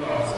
No.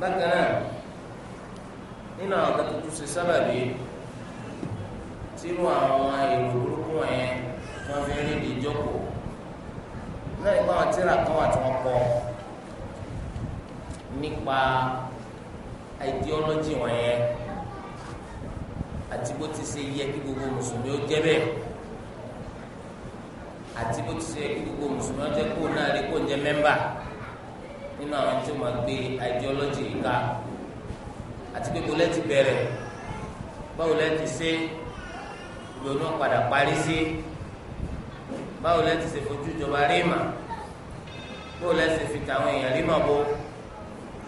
bákan náà nínú àwọn kan tuntun ṣe sábàbí tírú àwọn èrò burúkú wọ̀nyẹn tí wọ́n fi ń rí di ìjókòó náà nípa àwọn tíra kan wà tí wọ́n kọ́ nípa ideology wọ̀nyẹn àti bó ti ṣe yẹ kí gbogbo mùsùlùmí ó jẹ́ bẹ́ẹ̀ àti bó ti ṣe yẹ kí gbogbo mùsùlùmí ó jẹ́ kó náà rí kó ń jẹ́ mẹ́mbà nínú àwọn tí wọ́n gbé ideology yìí ká àti pé bọ́lẹ́ ti bẹ̀rẹ̀ báwo lẹ́ ti ṣe lónà padà parí sí báwo lẹ́ ti ṣe fojú ìjọba rí mà báwo lẹ́ ti fi tàwọn èèyàn rí mà bó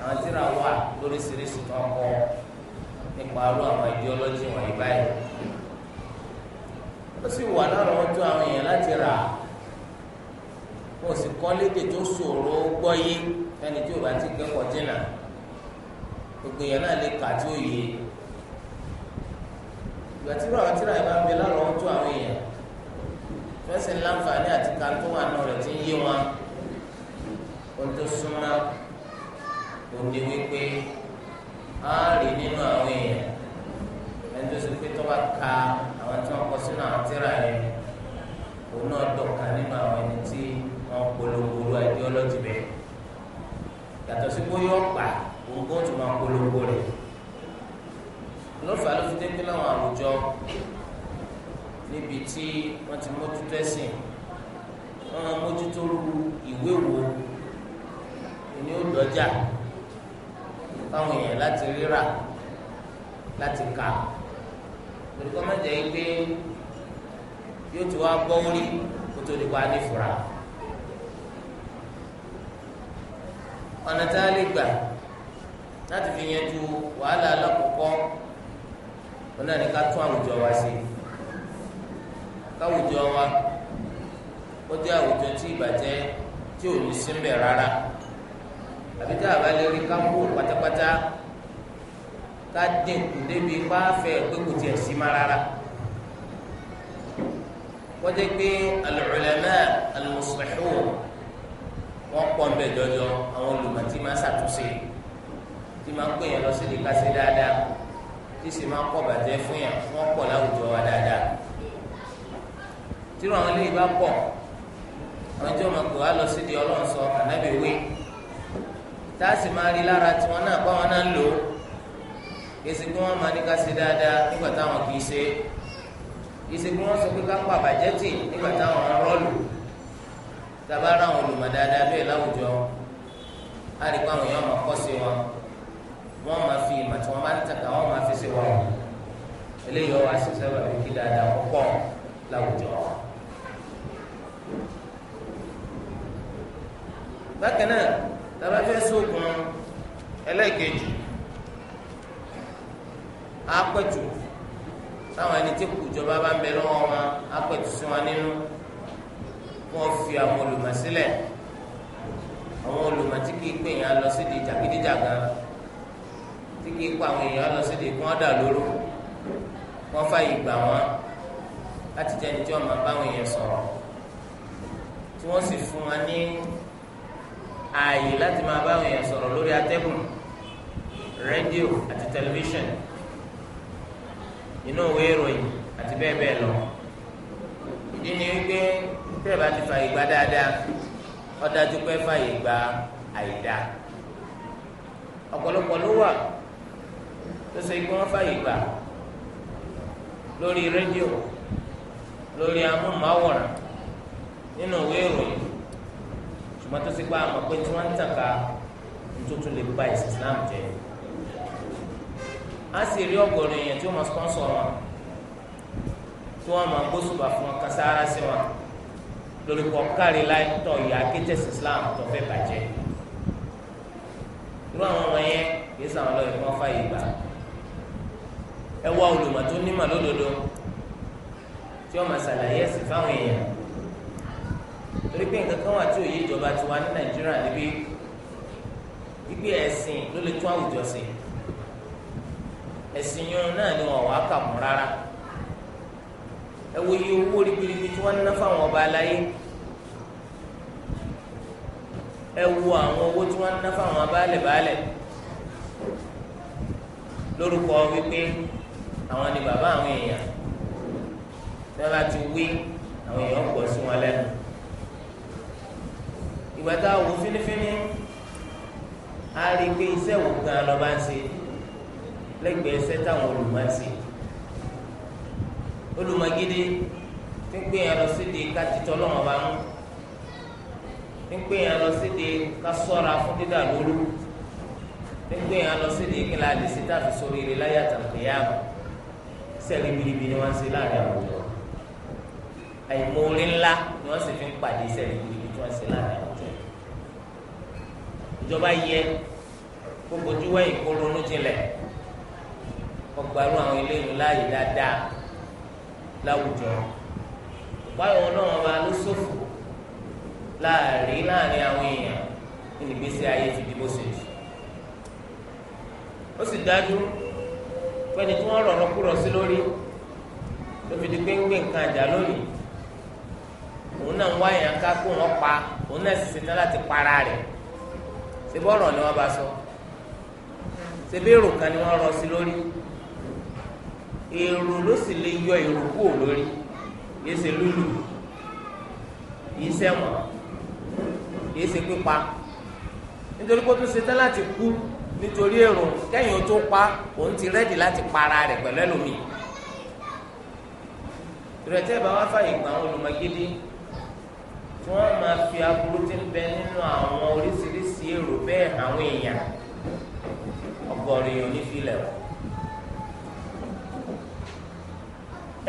àwọn tíra wà lóríṣiríṣi tó ń nípa arú àwọn ideology wọ̀nyí báyìí ó sì wà lára wọn tó àwọn èèyàn láti rà wọn sì kọ́ lédè tó ṣòro gbọ́ yìí fẹ́ni tí o bá ti kẹ́kọ̀ọ́ jìnnà gbogbo yẹn náà lè kà tí ó yé ìgbà tí àwọn tíra yìí bá ń bẹ lọ́rọ̀ tó àwọn èèyàn fẹ́sẹ̀ láǹfààní àti kàńtó wà náà rẹ̀ ti ń yé wọn ohun tó súnmọ́ òní wípé á rí nínú àwọn èèyàn ẹni tó ṣe pé tó bá ka àwọn tí wọ́n kọ sínú àwọn tíra yẹn òun náà dọ̀ka nínú àwọn ẹni tí wọ́n polongo ẹjọ́ lọ́jọ́ bẹ́ẹ̀ yàtọ̀ sí bóyá ọ̀pá gbogbo tó máa polongo rẹ̀ lọ́fà ló fi dédé láwọn àwùjọ níbi tí wọ́n ti mójútó ẹ̀sìn wọ́n máa mójútó ru ìwé wo ní ó dọ́jà fáwọn èèyàn láti rírà láti kà olùkọ́ máa jẹ́ pé yóò ti wá gbọ́ orí kó tó di pa ní fura. ọ̀nà tá a lè gbà láti fi yanjú wàhálà alákọ̀ọ́kọ́ wọn náà ní ká tún àwùjọ wa ṣe káwùjọ wa ó jẹ́ àwùjọ tí ìbàjẹ́ tí ò ní síbẹ̀ rárá àbí tá a bá lè rí ká pátápátá ká dínkù débi pàfẹ́ pé kò tiẹ̀ sí má rárá wọ́n pé al-ulama al-muslihun wọ́n pọ̀ ń bẹ̀ jọjọ àwọn olùmọ̀ tí máa ṣàtúnṣe tí máa pè yẹn lọ sí ìdíkà sí dáadáa tí sì máa pọ̀ bàjẹ́ fún yẹn wọ́n pọ̀ láwùjọ wa dáadáa tírú àwọn eléyìí bá pọ̀ àwọn tí wọ́n máa gbọ́ wá lọ sí di ọlọ́run sọ ànábì wí tá a sì máa rí lára tiwọn náà báwọn náà ń lò ó èsì pé wọ́n máa ní ká ṣe dáadáa nígbà táwọn kì í ṣe èsì pé wọ́n sọ pé ká pàbàjẹ́ tì nígbà táwọn rọ́ọ̀lù sábà ráwọn olùmọ̀ dáadáa bẹ́ẹ̀ láwùjọ á rí pé àwọn èèyàn máa kọ́ sí wọn wọ́n máa fi ìmọ̀ tí wọ́n bá ń tàkà wọ́n máa fi sí wọn eléyìí ọwọ́ àṣìṣe wà pé kí dáadáa pọ̀ láwùjọ. bákan náà sábà fẹ́ sóògùn ẹlẹ́ẹ̀kejì á pẹ̀tù táwọn ẹni tí kùjọba bá ń bẹ lọ́wọ́ wọn á pẹ̀tù sí wọn nínú. wọ́n fi àwọn olùmọ̀ sílẹ̀ àwọn olùmọ̀ tí kìí pè yàn lọ sí di jàgídíjàgan tí kìí pa àwọn èèyàn lọ sí di kí wọ́n dà lóró wọn fàyè gbà wọ́n láti jẹ́ ẹni tí máa bá àwọn èèyàn sọrọ tí wọ́n sì fún wọn ní ààyè láti máa bá àwọn èèyàn lọ tẹ́ ẹ bá ti fààyè gba dáadáa ó pé àìdá ọ̀pọ̀lọpọ̀ ló wà tó ṣe pé wọ́n fààyè lórí rédíò lórí amóhùnmáwòrán nínú ìwé ìròyìn ṣùgbọ́n tó ṣe pé àmọ̀ pé tí wọ́n Islam jẹ́ a sì rí ọ̀gọ̀rọ̀ èèyàn tí wọ́n sponsor wọn tí torí kọ kárí láì tọ ìyá akétẹsí islam tó fẹ́ bàjẹ́ irú àwọn ọmọ yẹn kì í sàwọn lọ ìfọn fàyè gbà ẹ wá olùmọ̀ tó nímọ̀ lódodo tí ó máa ṣàlàyé ẹ̀sìn fáwọn èèyàn torí pé nǹkan kan wà tí òye ìjọba ti wá ní nàìjíríà níbí gbígbé ẹ̀sìn ló lè tún àwùjọ sí ẹ̀sìn yun náà ni wọn wà á kà mú rárá ẹ wo iye owó ribiribi tí wọn ná fáwọn ọba aláyé ẹ wo àwọn owó tí wọ́n ń ná fáwọn baálẹ̀ baálẹ̀ lórúkọ wípé àwọn ni bàbá àwọn èèyàn tí wọ́n bá ti wí àwọn èèyàn pọ̀ sí wọn lẹ́nu ìgbà tá a wò fínífíní a rí i pé iṣẹ́ wò gan lọ́ba ń ṣe lẹ́gbẹ̀ẹ́ iṣẹ́ táwọn olùmọ̀ ń ṣe olùmọ̀ gidi tí ń gbìyànjú sídìí ká ti tọ́ lọ́wọ́ bá mú nígbè yẹn lọ sí di ká sọ́ra fún dídà lóru nígbè yẹn lọ sí di kíla àdìsí tàbí sórí ilé láyé àtàkùnyá sẹ́ẹ̀lì bìrìbì ni wọ́n ń ṣe láàrin àwùjọ àìmọ̀ọ́rẹ́ ńlá ni wọ́n sì fi ń pàdé sẹ́ẹ̀lì bìrìbì tí wọ́n ń ṣe láàrin àwùjọ ìjọba yẹ kó bojú wẹ̀yìn kó ronú jinlẹ̀ ọgbàrú àwọn eléyìí láàyè dáadáa láwùjọ ìpáyọ̀ náà wọn bá ló ṣòfò. láàrin láàrin àwọn èèyàn nínú ìgbésí ayé ti di bó ṣe jù ó sì dájú pé ẹni tí wọ́n rọ̀rọ̀ lórí ló fi di pé ń gbé nǹkan àjà lónìí òun náà ń wá èèyàn ká kó wọn pa òun para rẹ̀ ṣé bọ́ọ̀rọ̀ ni wọ́n bá sọ ṣé bí ni wọ́n rọ sí lórí èrò ló sì lè yọ èrò kúrò lórí yìí kìí ṣe pípa nítorí kó tún ṣe tán láti kú nítorí èrò kẹ́yìn ó tó pa òun ti rẹ́dì láti para rẹ̀ pẹ̀lú ẹlòmíì ìrẹ̀tẹ́ bá wá fàyè gbà àwọn olùmọ̀gidi tí wọ́n máa fi aburú tí ń bẹ nínú àwọn oríṣiríṣi èrò bẹ́ẹ̀ àwọn èèyàn ọgọ́rin èèyàn onífilẹ̀ wọ̀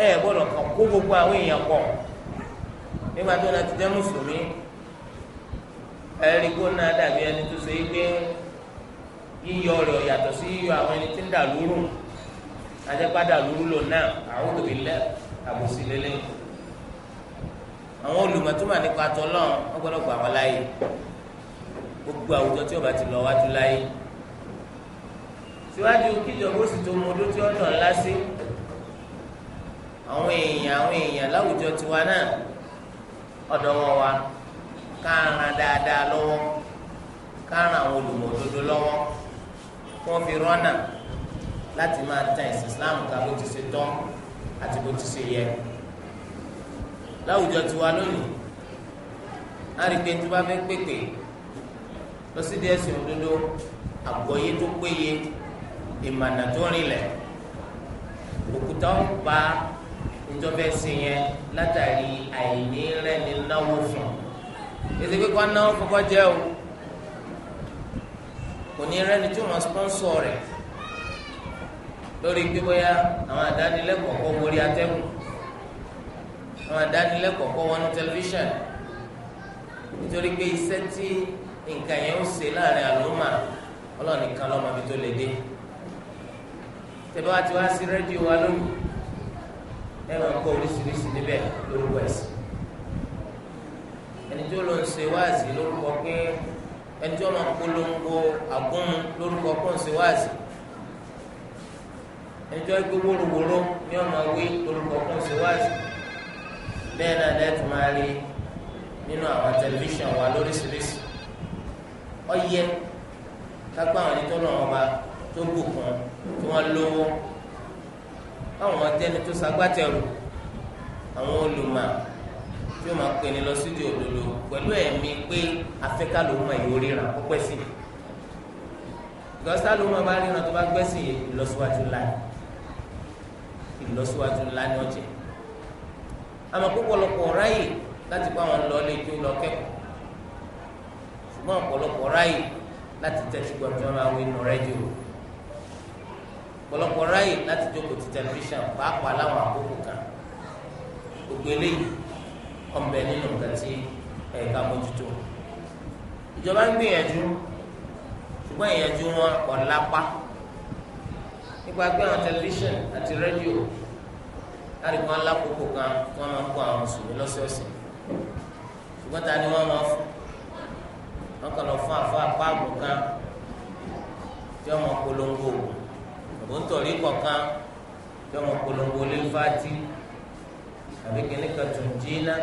ẹ gbọ́dọ̀ kàn kó gbogbo àwọn èèyàn pọ̀ nígbà tó náà ti jẹ́ mùsùlùmí ẹ̀rí kó náà dàbí ẹni tó ṣe é gbé yíyọ rẹ̀ yàtọ̀ sí yíyọ àwọn ẹni tí ń dà lóru ajẹ́pá dà lóru lò náà àwọn òbí lẹ́ àbòsí lélẹ́ àwọn olùmọ̀túmọ̀ nípa tọ́lọ́ wọ́n gbọ́dọ̀ gbà wọ́n láàyè gbogbo àwùjọ tí ó bá ti lọ wájú láyé síwájú kíjọba ó sì tó mú odó tí ó nà ńlá àwọn èèyàn àwọn èèyàn láwùjọ tiwa náà ọ̀dọ̀ wọn Wa káràn dáadáa lọ́wọ́ káràn àwọn olùmọ̀dodo lọ́wọ́ wọ́n fi rọ́nà láti máa Islam ká bó ti ṣe àti bó ti ṣe yẹ. láwùjọ tiwa lónìí a rí pé tí wọ́n bá fẹ́ pèpè lọ sí díẹ̀ sí òdodo tó péye ìmọ̀nà tó rinlẹ̀ ètò ìgbé kan náà fọkọ jẹ o kò ní rẹ́ni tí wọ́n spọ́nsọ̀ rẹ̀ lórí pé bóyá àwọn àdánilẹ́kọ̀ọ́ kọ́ wọlé atẹ́gùn àwọn àdánilẹ́kọ̀ọ́ kọ́ wọnú tẹlifíṣàn nítorí pé iṣẹ́ tí nǹkan yẹn ń ṣe láàrin àlùmà ọlọ́ọ̀ni kan lọ́mọ tó lè dé ti wá sí rédíò wa lónìí ẹ̀rọ nǹkan oríṣiríṣi níbẹ̀ lórúkọ ẹ̀sìn. tí ó lọ ń ṣe wáàsí lórúkọ pé ẹni tí ó lọ ń polongo àgúnmu lórúkọ pé ó ń ṣe wáàsí ẹni tí ó gbé wóróworó ní ọmọ wí lórúkọ pé ó ń ṣe wáàsí bẹ́ẹ̀ náà lẹ́tù máa rí nínú àwọn tẹlifíṣàn wa lóríṣiríṣi ọyẹ kápá àwọn ẹni tó lọ ọba tó bùkún tí wọ́n lówó káwọn ọtẹni tó sagbátẹrù àwọn olùmọ̀ tí ó máa ń pinni lọ sídìí òdodo pẹ̀lú ẹ̀mí pé afẹ́ká ló mọ èyí oríran kó pẹ́ sí i gọ́sítà ló mọ bá ríran tó bá gbẹ́sìn ìlọsíwájú ńlá ìlọsíwájú ńlá ni ọ̀jẹ̀ àmọ́ púpọ̀lọpọ̀ ráyè láti kó àwọn lọ lé tó lọ kẹ́kọ̀ọ́ ṣùgbọ́n ọ̀pọ̀lọpọ̀ ráyè láti tẹ́tí gbọ́n tí wọ́n máa wí nù rẹ́díò ọ̀pọ̀lọpọ̀ ráyè láti jókòó ti tẹlifíṣàn pàápàá láwọn àkókò kan gbogbo eléyìí ọ̀nbẹ nínú nǹkan tí ẹ̀ka mójútó ìjọba ń gbìyànjú ṣùgbọ́n ìyànjú wọn kò lápá nípa pé àwọn tẹlifíṣàn àti rédíò láti kọ́ lákòókò kan tí wọ́n máa ń kó àwọn mùsùlùmí lọ́sọ̀ọ̀sẹ̀ ṣùgbọ́n ta ni wọ́n máa fún wọ́n kàn lọ fún àfọ apá àgùn kan tí wọ́n máa polongo òògùn òbóǹtọ̀rí kọ̀ọ̀kan tí wọ́n máa polongo lẹ́fàtì àbí kíní kan tún jìnnà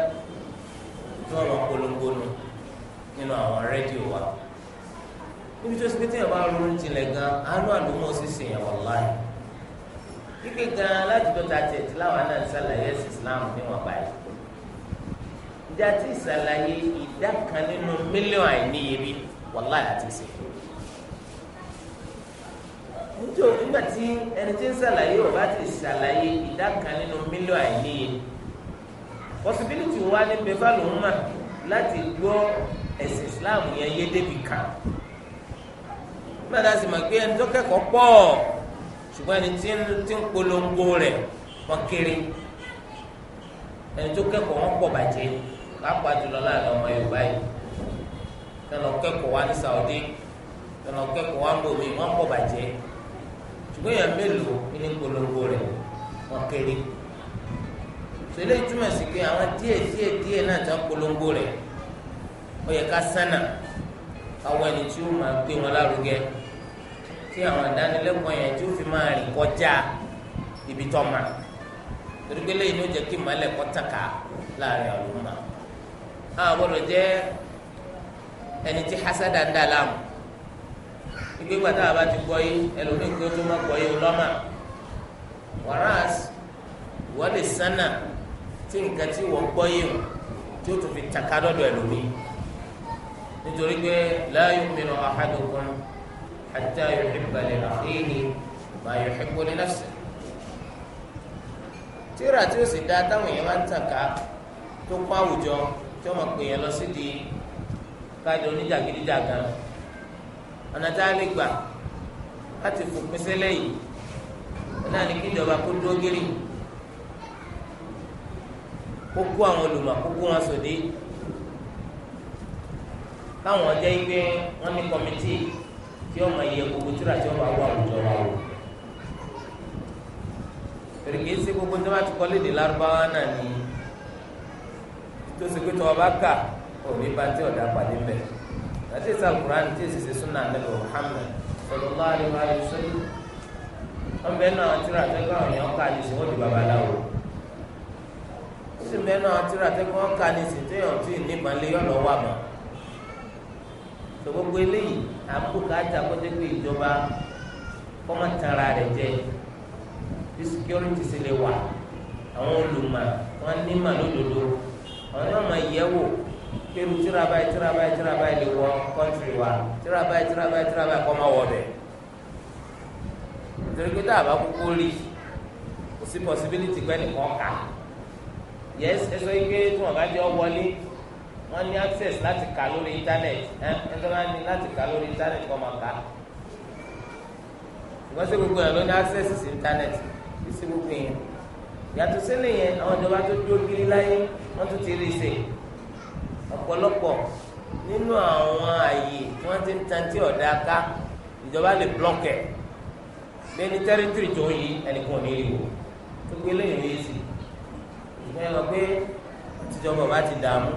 tí wọ́n máa polongo nù nínú àwọn rédíò wa níbi tó ṣe pé téèyàn bá ronú tilẹ̀ gan àánú àlùmọ́ ṣíṣe yẹn wà láàyè kíkẹ́ gan alájùtọ́ ta tẹ̀ tí láwọn náà ń ṣàlàyé ẹ̀sìn Islam níwọ̀n báyìí ìjà tí ìṣàlàyé ìdá kan nínú mílíọ̀nù àìníyebí wà láàyè àti ìṣe nítorí nígbà tí ẹni tí ń ṣàlàyé ò bá ti ṣàlàyé ìdá kan nínú mílíọ̀nù àìníye possibility wa ní bẹ́fà ló ń mà láti gbọ́ ẹ̀sìn Islam yẹn yé débi kan gbọ́dọ̀ sì mọ̀ pé ẹni tó kẹ́kọ̀ọ́ pọ̀ ṣùgbọ́n ẹni tí ń polongo rẹ̀ wọ́n kéré ẹni tó kẹ́kọ̀ọ́ wọn pọ̀ bàjẹ́ kápá jùlọ láàrin ọmọ Yorùbá yìí tẹnà kẹ́kọ̀ọ́ wa ní Saudi tẹnà kẹ́kọ̀ọ́ wa ń bò mí wọ́n pọ̀ bàjẹ́ ṣùgbọ́n èèyàn mélòó ní polongo rẹ̀ wọ́n kéré tẹlẹ ìtumọ̀ sí pé àwọn díẹ̀ díẹ̀ díẹ̀ na tó ń polongo rẹ̀ ó yẹ ká sánà káwọn ẹni tí ó máa gbé wọn lárugẹ tí àwọn ìdánilẹ́kọ̀ọ́ yẹn tí ó fi máa rìn kọjá ibi tó ma torí pé lẹ́yìn ló jẹ́ kí ìmọ̀lẹ̀ kọ́ tàkà láàrin àlùmọ́ àwọn gbọ́dọ̀ jẹ́ ẹni tí hasada ń dà láàmú ìgbé gbàtà àbá ti gbọ́ yìí ẹlòmíì tó má gbọ́ yìí ọlọ́mà wàrà ìwọ́de sánà tí nǹkan tí wọ́n gbọ́ yé o tí o tún fi taka lọ́dọ̀ ẹlòmíì nítorí pé la yu'minu ahadukum hatta yuhibba li akhihi ma yuhibbu li nafsihi tíra tí o sì da táwọn èèyàn máa ń tàka tó kó àwùjọ tí wọ́n máa pè yẹn lọ sídìí káàdì oníjàgídíjàgan ọ̀nà tá a lè gbà láti fòpin sílẹ̀ yìí náà ní kí ìjọba kó dúró gírí kó kó àwọn olùmọ̀ kó kó wọn sòdí káwọn jẹ́ pé wọ́n ní kọ́mítì tí ọmọ yẹ gbogbo tíra tí ọmọ àwọn àwùjọ wa wò pèrèkè ṣe gbogbo tí wọ́n ti kọ́ lédè lárúbáwá náà ni tó ṣe pé tí wọ́n bá kà òní bá tí ọ̀dà pàdé bẹ̀ láti ṣe àkùrán tí èsì ṣe súnà nílò Muhammad sallallahu alaihi wasallam wọn bẹ náà tíra tẹ́gbà òyìnbó ká ní sọ́wọ́dì babaláwo sì mẹ́nu àwọn tíra tẹ́kọ̀ ọ́n ká ní sìn téèyàn tí ì nípa lé yọ̀ lọ́wọ́ àmọ́ tó gbogbo eléyìí àbúkù káàtà kọ́tẹ́ pé ìjọba kọ́mọ tara rẹ̀ jẹ bí security sì lè wà àwọn olùmọ̀ wọn ní mà lódodo àwọn yóò máa yẹ̀ wò pẹ̀lú tíra báyìí tíra báyìí tíra báyìí lè wọ kọ́ńtìrì wa tíra báyìí tíra báyìí tíra báyìí kọ́ máa wọ̀ bẹ̀ nítorí pé tá bá kúkú rí kò sí possibility pé ẹnìkan kà á yẹ ẹsọ ike tí wọn bá jẹ ọ wọlé wọn ní access láti kà lórí internet ẹ ẹsọ máa ní láti kà lórí internet kọ́ máa kà wọ́n sì gbogbo yẹn ló ní access sí internet sí gbogbo yẹn yàtọ̀ sílẹ̀ yẹn àwọn ìjọba tó dúró kiri láyé wọ́n tún ti rí ṣe ọ̀pọ̀lọpọ̀ nínú àwọn àyè tí wọ́n ti ń tan tí ọ̀dà ká ìjọba lè blọ́kẹ̀ lẹ́ni tẹ́rítìrì tó ń yí ẹnìkan ò ní rí wò tó gbé lẹ́yìn lóye sí i ìgbẹ́ lọ pé tíjọba ọba ti dààmú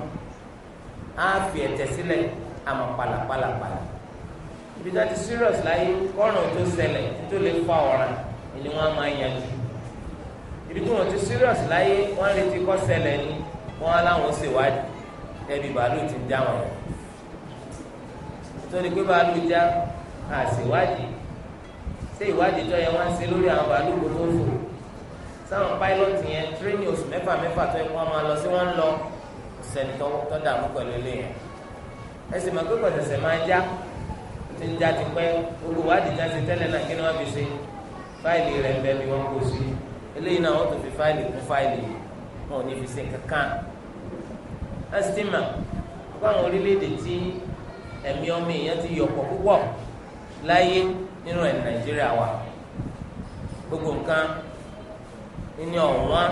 á fi ẹ̀tẹ̀ sílẹ̀ àmọ́ pàlàpàlàpàlà ibi tá ti serious láyé kọ́ràn tó ṣẹlẹ̀ tó lè fa ọ̀ràn ni wọ́n máa yanjú ibi tí wọ́n ti serious láyé wọ́n retí kọ́ ṣẹlẹ̀ ni wọ́n aláwọn ṣèwádìí ẹbí bàálù ti já wọn nítorí pé bàálù já àṣèwádìí ṣé ìwádìí tó yẹ wọ́n ń ṣe lórí àwọn bàálù kò tó fò sáwọn pilot yẹn tírénì oṣù mẹ́fà mẹ́fà tó yẹ kó wọn máa lọ sí wọn lọ sẹni tó dààmú pẹ̀lú ilé yẹn ẹsìn máa gbẹgbẹ sẹsẹ máa já ti ń já ti pẹ́ olùwádìí já ti tẹ́lẹ̀ náà kí ni wọn fi ṣe fáìlì rẹ bẹ bí wọn kó sí eléyìí náà wọn tó fi fáìlì kún fáìlì yìí wọn ò ní fi ṣe kankan ẹsìn máa kó àwọn orílẹ̀-èdè tí ẹ̀mí ọmọ èèyàn ti yọ̀pọ̀ púpọ̀ láyé nínú ẹ̀ Nàìjíríà wa gbogbo nǹkan ní ọ̀wọ́n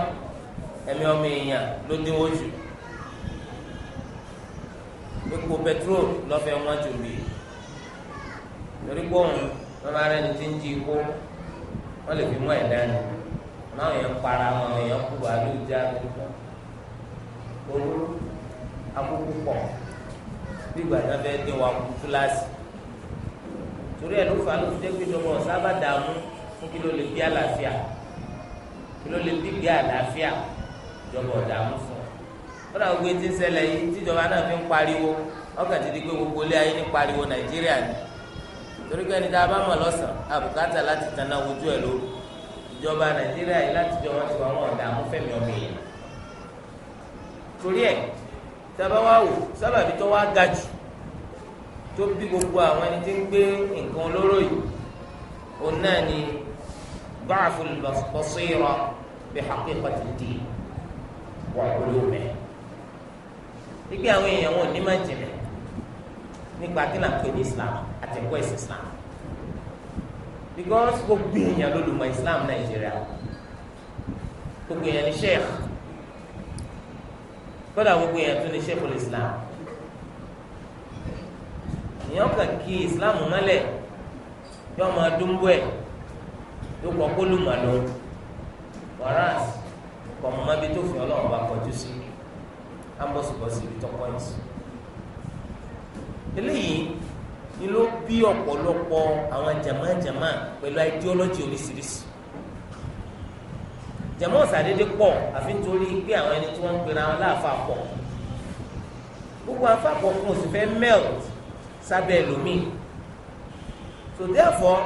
ẹ̀mí ọmọ èèyàn ló dínwó jù epo pẹtrol lọ́fẹ̀ẹ́ wọn jù mí torí gbóhùn lọ́ba rẹ̀ ní ti ń jí ikú wọ́n lè fi mú ẹ̀ dání láwọn èèyàn para wọn èèyàn kú àlù já lórúkọ olú akókó pọ̀ bí gbàdá fẹ́ dín wa kú kíláàsì torí ẹ̀ ló fà á ló fi dé pé ìjọba ọ̀sán bá dààmú fún kí ló lè bí àlàáfíà ló lè dìgbé àlàáfíà ìjọba ọ̀dààmú fún ọ lọ́dà gbogbo etí ń ṣẹlẹ̀ yìí tíjọba náà fi ń pariwo ọkàn ti di pé gbogbo ilé ayé ní pariwo Nàìjíríà ni torí pé ẹni tá a bá mọ̀ lọ́sàn-án àbùkátà láti tanná wojú ẹ̀ lóru ìjọba Nàìjíríà yìí láti jọ wọn ti wọn ọ̀dààmú fẹ̀mí ọmọ èèyàn torí ẹ̀ tábà wá wò sábàbí tó wá ga jù tó bí gbogbo àwọn ẹni tí ń gbé nǹkan olóró yìí òun náà ni ضعف البصيرة بحقيقة الدين وعلومه ìgbé àwọn èèyàn wọn ní máa jìnnà nípa kí náà pè ní islam àtẹ̀kọ́ ẹ̀sìn islam because gbogbo èèyàn ló lùmọ̀ islam nàìjíríà gbogbo èèyàn ní sheikh kódà gbogbo èèyàn tún ní sheikh islam èèyàn kàn kí islam mọ́lẹ̀ yọ ọmọ adúmbò ẹ̀ ló kọ kólùmọ̀lò wàràs kọ̀mọ́mọ́bí tó fi ọlọ́run bá kọjú sí ambọ̀sibọ̀sì ibi tọ́kọ́ yìí sí. eléyìí ni ló bí ọ̀pọ̀lọpọ̀ àwọn jàmájàmá pẹ̀lú ideology oríṣiríṣi jàmọ́ ọ̀sàdédé pọ̀ àfi nítorí pé àwọn ẹni tí wọ́n ń pera wọn láàfà pọ̀ gbogbo àfà pọ̀ fún òsì fẹ́ melt sábẹ́ ẹlòmíì so therefore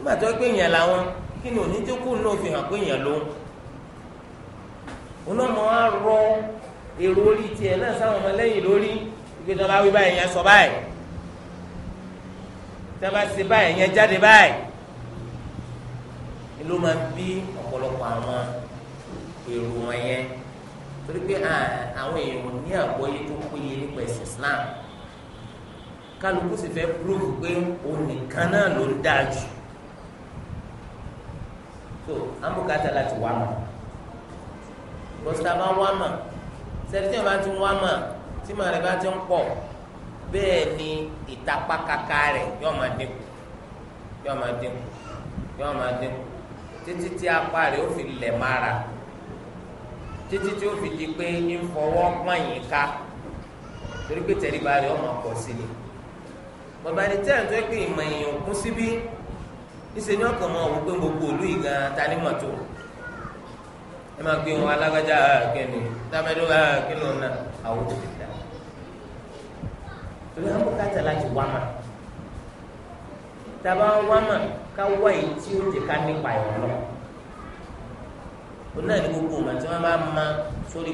nígbà tó gbé yẹn làwọn kí ni onídìkú náà fi hàn pé yẹn ló ń onáwó á rọ èrò orí tiẹ̀ náà sáwọn ọmọlẹ́yìn lórí ìgbésẹ̀ bá wí báyìí yẹn sọ báyìí tí a bá ṣe báyìí yẹn jáde báyìí ló máa ń bí ọ̀pọ̀lọpọ̀ àwọn èrò wọn yẹn torí pé àwọn èèyàn ní àgbọ́yé tó péye nípa ẹ̀sìn Islam kálukú sì fẹ́ púrúfù pé òun nìkan náà ló dáa jù. tó kata láti wá ma. bọ́sítà wá ma. bá ti wá rẹ̀ ti ń pọ̀ bẹ́ẹ̀ ni ìtapá kaka rẹ̀ yóò máa dínkù yóò títí tí apá rẹ̀ ó fi lẹ̀ títí tí ó fi di pé ń fọwọ́ pọ́nyìn ká torí pé tẹ̀lé ni bàbá ni tó ìmọ̀ èèyàn síbí. ìṣe ní ọkàn gbogbo olu ìgbà ta ni mọ̀tò ẹ máa gbé wọn alágbájá ah, kẹni tábẹ́dọ́ ah, kẹni ọ̀nà àwọn òbí dá torí láti wá tàbá wá ká wá tí ó jẹ ká nípa lọ ma sórí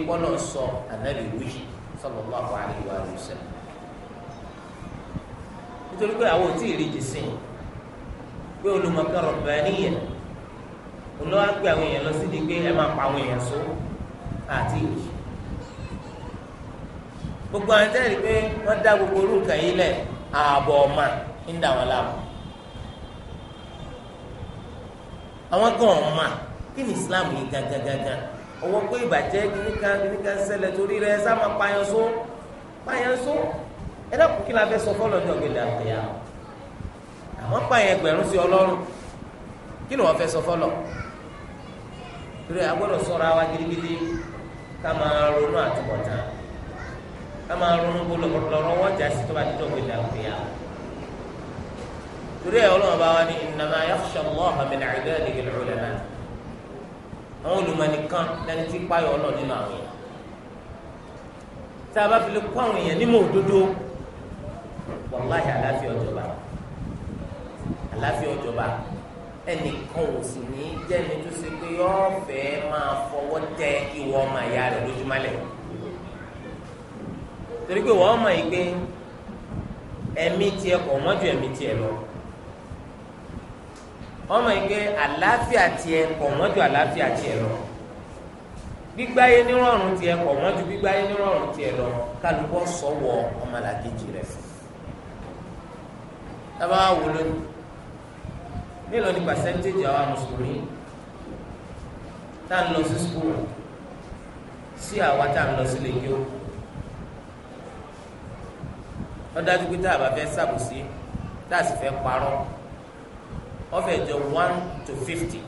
sọ ànábì nítorí pé àwọn ò tí ì rí pé olùmọ̀kẹ́ rọ̀bẹ̀ níyẹn olówó àgbẹ̀ àwọn èèyàn lọ sí di pé ẹ máa pa àwọn èèyàn só àti ìyí gbogbo àwọn ẹ̀jẹ̀ rí i pé wọ́n dá gbogbo orú yìí lẹ̀ ààbọ̀ ọ̀ma ń dà wọ́n láàbù àwọn gan ọ̀ma kí ni Islam yìí gangan ọwọ́ pé ìbàjẹ́ kìnnìkan kìnnìkan ṣẹlẹ̀ torí rẹ̀ sáà máa pààyàn só pààyàn só ẹ dákun kí la fẹ́ sọ fọ́lọ́ ní ọ̀gbẹ̀dẹ̀ àgbẹ̀yà wọ́n pààyàn ẹgbẹ̀rún sí ọlọ́run kí ni wọ́n fẹ́ sọ fọlọ́ torí a gbọ́dọ̀ sọ́ra wa gidigidi ká máa ronú àtúbọ̀tán ká máa ronú gbólọ̀rọ̀ wọ́n jà sí tó bá dídọ̀ gbé dàgbé yà torí ẹ̀ ọlọ́run bá wa ní innama yakhsha Allaha min ibadihi al-ulama àwọn kan, lẹni tí páyọ̀ ọlọ́ nínú àwọn èèyàn tá a bá fi lè kó àwọn èèyàn nímọ̀ òdodo wàláhì àláfíà ọjọ́ àlàáfíà ọjọba ẹnìkan ò sì ní jẹ́ni tó ṣe pé yọ́ọ́ fẹ́ máa fọwọ́ tẹ ìwọ ọmọ ìyá rẹ̀ lójúmọ́lẹ̀ torí pé wọ́n mọ̀ yìí pé ẹ̀mí tiẹ̀ kọ̀ wọ́n ju ẹ̀mí tiẹ̀ lọ wọ́n mọ̀ yìí pé àlàáfíà tiẹ̀ kọ̀ wọ́n ju àlàáfíà tiẹ̀ lọ gbígbáyé nírọ̀rùn tiẹ̀ kọ̀ wọ́n ju gbígbáyé nírọ̀rùn tiẹ̀ lọ kálukọ́ sọ̀wọ́ ọmọlàkejì rẹ̀ tábà wò mélòó ni pàṣẹ́ntéèjì àwa mùsùlùmí tá à ń lọ sí skul sí àwa tá à ń lọ sí lèkí o lọ́dájú pé tá a bá fẹ́ ṣàbòsí tá a sì fẹ́ parọ́ ọ̀fẹ́ jọ one to fifty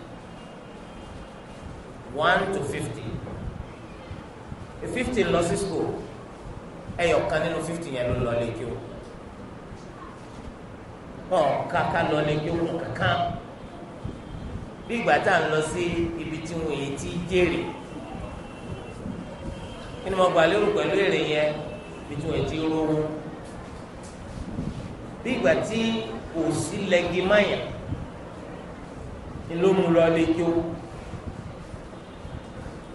one to fifty fifty lọ sí skul ẹyọ nínú fifty yẹn ló lọ lèkí wọn ò kàkà lọ lè kí wọn kankan bí ìgbà tá à ń lọ sí ibi tí wọn yìí ti jèrè kí ni mo gbà lérò pẹ̀lú èrè yẹn ibi tí wọn yìí ti rówó bí ìgbà tí kò sí lẹ́gi máyà ni ló mú lọ lè kí wọn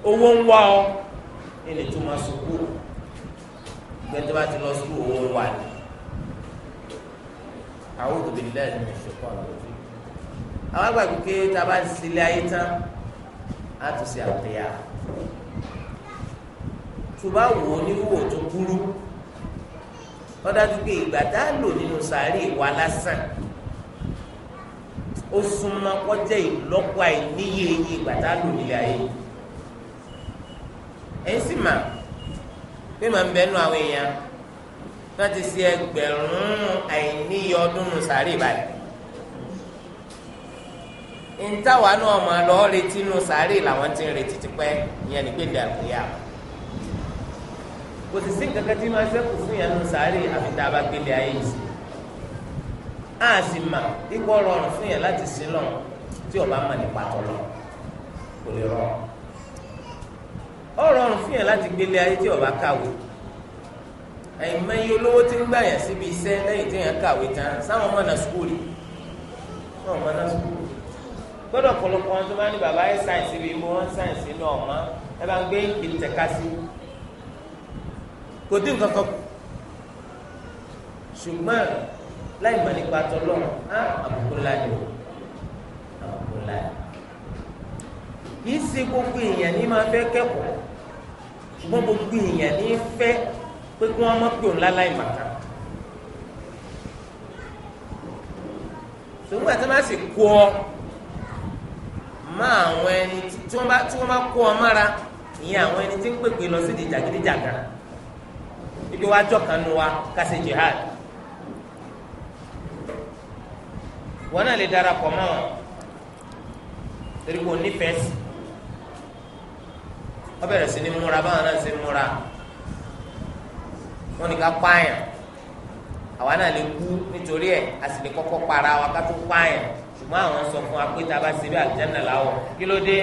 owó ń wá ọ ẹni tó máa sọ kúrò gbẹdẹ bá ti lọ sùkúrò owó ń wá ni. a'udhu billahi minash shaitanir rajim àwọn àgbàgbé pé tá a bá ń sílé ayé tán á tún ṣe àtẹyà tó bá wò tó burú wọ́n dájú pé ìgbà tá a lò nínú sàárè wa lásán ó súnmọ́ kọjá ìlọ́pọ̀ àìníye ma ìgbà tá a lò nílé ayé wọ́n ti ṣe ẹgbẹ̀rún àìníyọ ọdún nù sàárè báyìí ntàwa náà máa lọ retí nù sàárè làwọn ti ń retí tipẹ́ ìyẹn ní gbèdé àkúyà kò sì sí nǹkan kan tí máa ṣẹ́kù fún ìyẹn nù sàárè àfi tá a bá gbélé ayé yìí á sì mà ikọ̀ rọrùn fún ìyẹn láti sí lọ tí o bá mà ní pàtó lọ kò lè rọrùn ó rọrùn fún ìyẹn láti gbélé ayé tí o bá ẹ̀mẹ́yẹ olówó ti ń gbàyàn síbi iṣẹ́ lẹ́yìn tí èèyàn kàwé tán sáwọn ọmọ náà sukúlì wọn ọmọ náà sukúlì gbọ́dọ̀ pọ̀lọpọ̀ wọn tó bá ní bàbá ẹ̀ sáyẹ̀nsì rí mo wọ́n sáyẹ̀nsì ní ọ̀mọ́ ẹ bá ń gbé ìlú tẹ̀ka sí kò dín kankan kù ṣùgbọ́n láì mọ̀ nípa tọ́lọ́mù á àbùkù láyé o àbùkù láyé kì í ṣe gbogbo èèyàn ní máa fẹ́ kẹ́kọ̀ọ́ ṣùgbọ́n gbogbo èèyàn ní fẹ́ pé kí wọ́n mọ̀ pé òun láláì màkà. sòwò àti má sì kó ọ má àwọn ẹni tí wọ́n bá tí wọ́n bá kó ọ mára ìyẹn àwọn ẹni tí ń pèpè lọ sí di jàgídíjàgà ibi wàá jọ̀kan nu wa ká jihad. wọn náà lè darapọ̀ mọ́ wọn torí kò nífẹ̀ẹ́ sí wọ́n bẹ̀rẹ̀ sí ní múra báwọn náà ṣe múra wọ́n ní ká pààyàn àwa náà lè kú nítorí ẹ̀ a sì lè kọ́kọ́ para wa ká tó pààyàn ṣùgbọ́n àwọn sọ fún wa pé tá a bá ṣe bí àlùjánnà láwọ̀ kí ló dé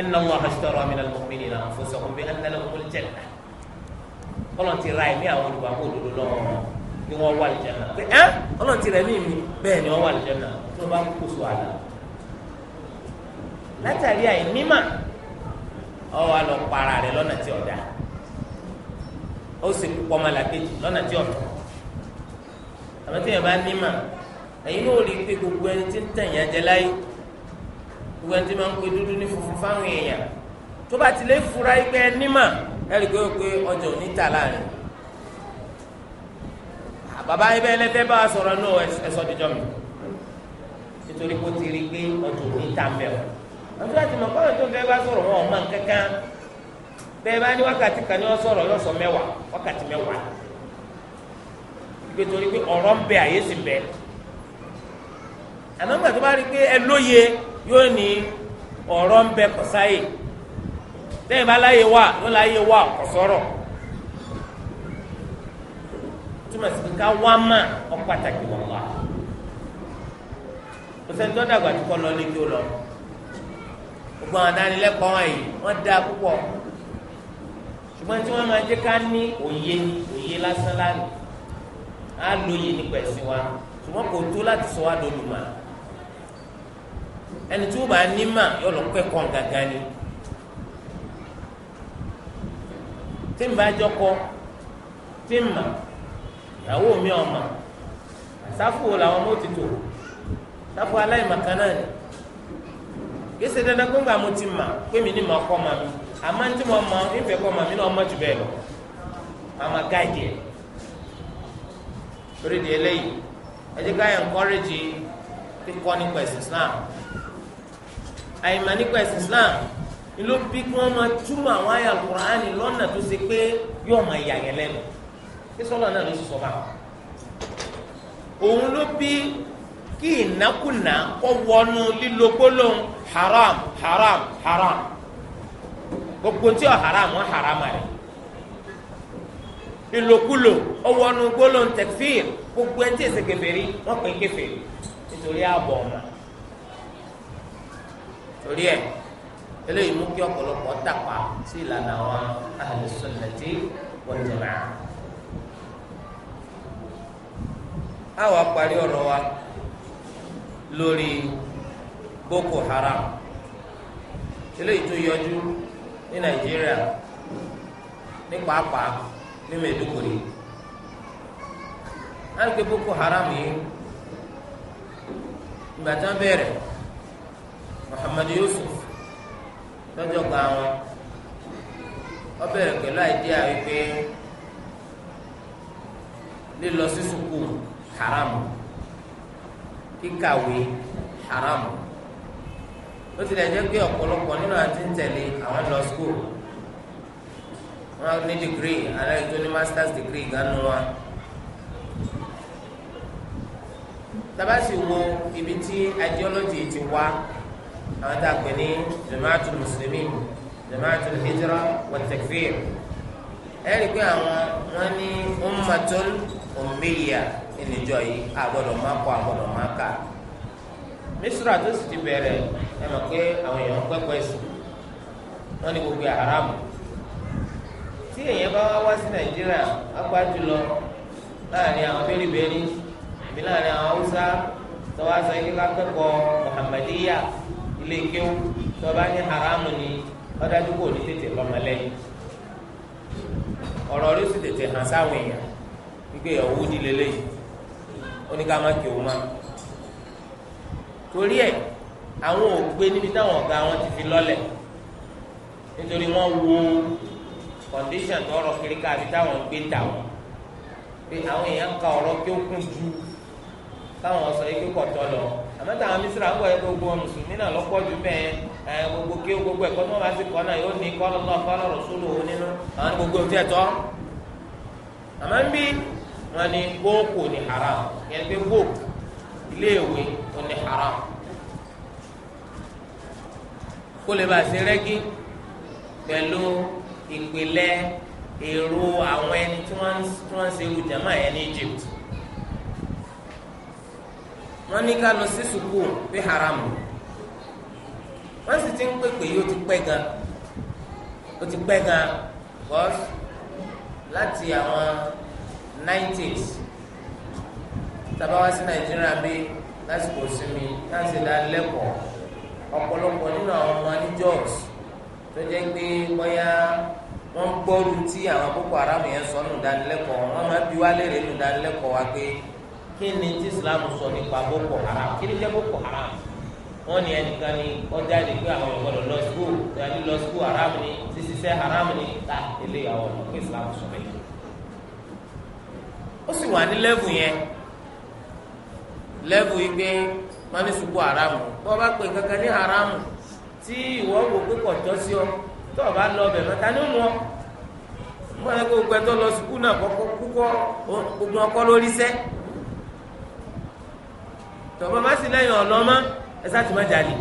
inna Allaha ashtara minal mu'minina anfusahum bi anna lahumul janna Ọlọ́run ti ra ẹ̀mí àwọn olùgbàgbọ́ òdodo lọ́wọ́ wọn ni wọ́n wà àlùjánnà pé ẹ́ Ọlọ́run ti rẹ̀ mí mi bẹ́ẹ̀ ni wọ́n wà àlùjánnà tó bá kó so àlà látàrí àìnímà ọ wà lọ para rẹ̀ lọ́nà tí ọ̀dà ó sì kú pọ́mọlàkejì lọ́nà tí ọ̀tọ̀ àmọ́ yẹn bá ní mà ẹ̀yin náà rí i pé gbogbo ẹni tí ń tẹ̀yìn ajẹ́ láyé gbogbo ẹni tí máa ń pe dúdú ní funfun fáwọn èèyàn tó bá ti lè fura ẹgbẹ́ ẹni mà ẹ̀rí pé ó pé ọjọ́ òní láàrin yìí bẹ́ẹ̀ lẹ́tẹ́ bá a sọ̀rọ̀ ẹ̀sọ́ mi nítorí ti rí i pé ọjọ́ òní mẹ́wàá àti bẹ́ẹ̀ bá ní wákàtí kan ní wọ́n sọ̀rọ̀ yóò sọ mẹ́wàá wákàtí mẹ́wàá nítorí pé ọ̀rọ̀ ń bẹ àyè sì ń bẹ àmọ́ gbà bá rí i pé ẹ lóye yóò ní ọ̀rọ̀ ń bẹ kọ̀sáyè bẹ́ẹ̀ bá láyé wà yóò láyé wà kọ̀sọ́rọ̀ túmọ̀ sí ká wá mà pàtàkì ṣùgbọ́n tí wọ́n máa jẹ́ ká ní òye òye lásán lánàá á lóye nípa ẹ̀sìn wa ṣùgbọ́n kò tó láti sọ wá dolùmọ̀ ẹni tí ó bá ní mà yóò lọ kẹ́kọ̀ọ́ gàgà ni tí n bá jọkọ tí n mà ìyàwó mi ọ̀mà sáfù làwọn ọmọ òtítọ́ sáfù aláìmọ̀kan náà ni gbèsè dandan gbọ́ngbà mo ti mà pé mi ní mà ọkọ mà mi. àmọ́ ní tí mo mọ ìfẹ́ kọ́ mọ̀ mí náà mọ̀ jù bẹ́ẹ̀ lọ àmọ́ gáìdì ẹ̀ torí di eléyìí ẹ ká encourage kíkọ́ nípa ẹ̀sìn Islam àyìnbá nípa Islam ló bí kí wọ́n máa túmọ̀ àwọn àyà Kùránì lọ́nà tó ṣe pé yóò máa yà yẹn kí haram haram haram. haram gbogbo tí ọ haram wọn haram rẹ ìlòkulò ọwọ́nu gbólóhùn tẹ̀fíìr gbogbo ẹtí ẹsẹ̀ kèfèrí wọn pè kèfèrí nítorí ààbọ̀ ọ̀mà torí ẹ eléyìí mú kí ọ̀pọ̀lọpọ̀ tàpá sí ìlànà àwọn àlùsọ̀lẹ̀tì wọ̀nyẹ̀mà. àwọn parí ọ̀rọ̀ wa lórí Boko Haram eléyìí tó yọjú ní nàìjíríà ní pàápàá ní mẹdúkùrì alùpùpù boko haram yìí ìgbà tí wọn muhammadu yusuf lọ́jọ́ gba wọn wọn bẹ̀rẹ̀ pẹ̀lú àìdí àwọn pé lílọ sí sukùl haram kíkàwé haram ó ti dẹ̀ jẹ́ pé ọ̀pọ̀lọpọ̀ nínú àti ń tẹ̀lé àwọn lọ skul wọn ní degree aláì tó ní masters degree ganu wa tabasi wo ibi tí ideology ti wá àwọn tá a pè ní jamaatul muslimi jamaatul hijra wa takfir ẹ̀rí pé àwọn wọn ní ummatul ummiya ìnìjọ yìí àgbọ̀dọ̀ má kọ àgbọ̀dọ̀ má kà misra tó sì ti bẹ̀rẹ̀ ẹ mọ̀ pé àwọn èèyàn pẹ́pẹ́ sùn wọ́n ní gbogbo àràmù tí èèyàn bá wá sí nàìjíríà jùlọ láàrin àwọn bẹ́rìbẹ́rì àbí láàrin àwọn haúsá tó wá sọ yìí ilé kéwù haramu ni ọ̀dájú kò ní tètè lọ́mọlẹ́yìn ọ̀rọ̀ orí sì tètè hàn ọ̀wú torí ẹ̀ àwọn ògbé gbé níbi táwọn ọ̀gá wọn ti fi nítorí wọn wo condition tó kiri káàbí táwọn ń gbé tà ka ọ̀rọ̀ kí ó kún ju táwọn sọ yìí kíkọ̀ tọ́ lọ táwọn mísírà ń wọ̀ gbogbo mùsùlùmí náà lọ́pọ̀ gbogbo kí gbogbo tí bá ti kọ́ náà yóò ní kọ́ fọ́lọ́ nínú àwọn gbogbo ẹ̀ tọ́ àmọ́ ń bí wọn ni ó ní haram kó lè bá ṣe rẹ́gí pẹ̀lú ìpìlẹ̀ èrò àwọn ẹni tí wọ́n ń ṣe irú jama yẹn ní Egypt wọ́n ní ká lọ sí sukù bí haram wọ́n sì ti ń pèpè yìí ó ti pẹ́ gan ó ti pẹ́ gan bọ́s láti àwọn 90s tàbá sí Nàìjíríà bíi. lásìkò sinmi láti dánilẹ́kọ̀ọ́ ọ̀pọ̀lọpọ̀ nínú àwọn ọmọ ní Jos tó jẹ́ pé bóyá wọ́n gbọ́rú tí àwọn Boko Haram yẹn sọ nù dánilẹ́kọ̀ọ́ wọ́n máa bí wálé rẹ̀ nù dánilẹ́kọ̀ọ́ wa pé kí ni tí sọ nípa Boko Haram kí ni jẹ́ Boko Haram wọ́n ní ẹnìkan ni àwọn ọ̀gbọ́dọ̀ lọ haram ni haram ni ta ọmọ pé Islam sọ bẹ́ẹ̀ ó sì wà ní lẹ́bù igbe ma ní haramu bọ́ bá pè kankan ní haramu tí ìwọ wò pé kọ̀tọ́ sí ọ tó o bá lọ ọbẹ̀ mẹ́ta ní mọ́ mọ́ ẹ kó lọ náà kọ́kọ́ kúkọ́ gbogbo ọkọ lórí sẹ́ tọ́gbọ́n má sí lẹ́yìn ọlọ́mọ ẹ sá ti má jalè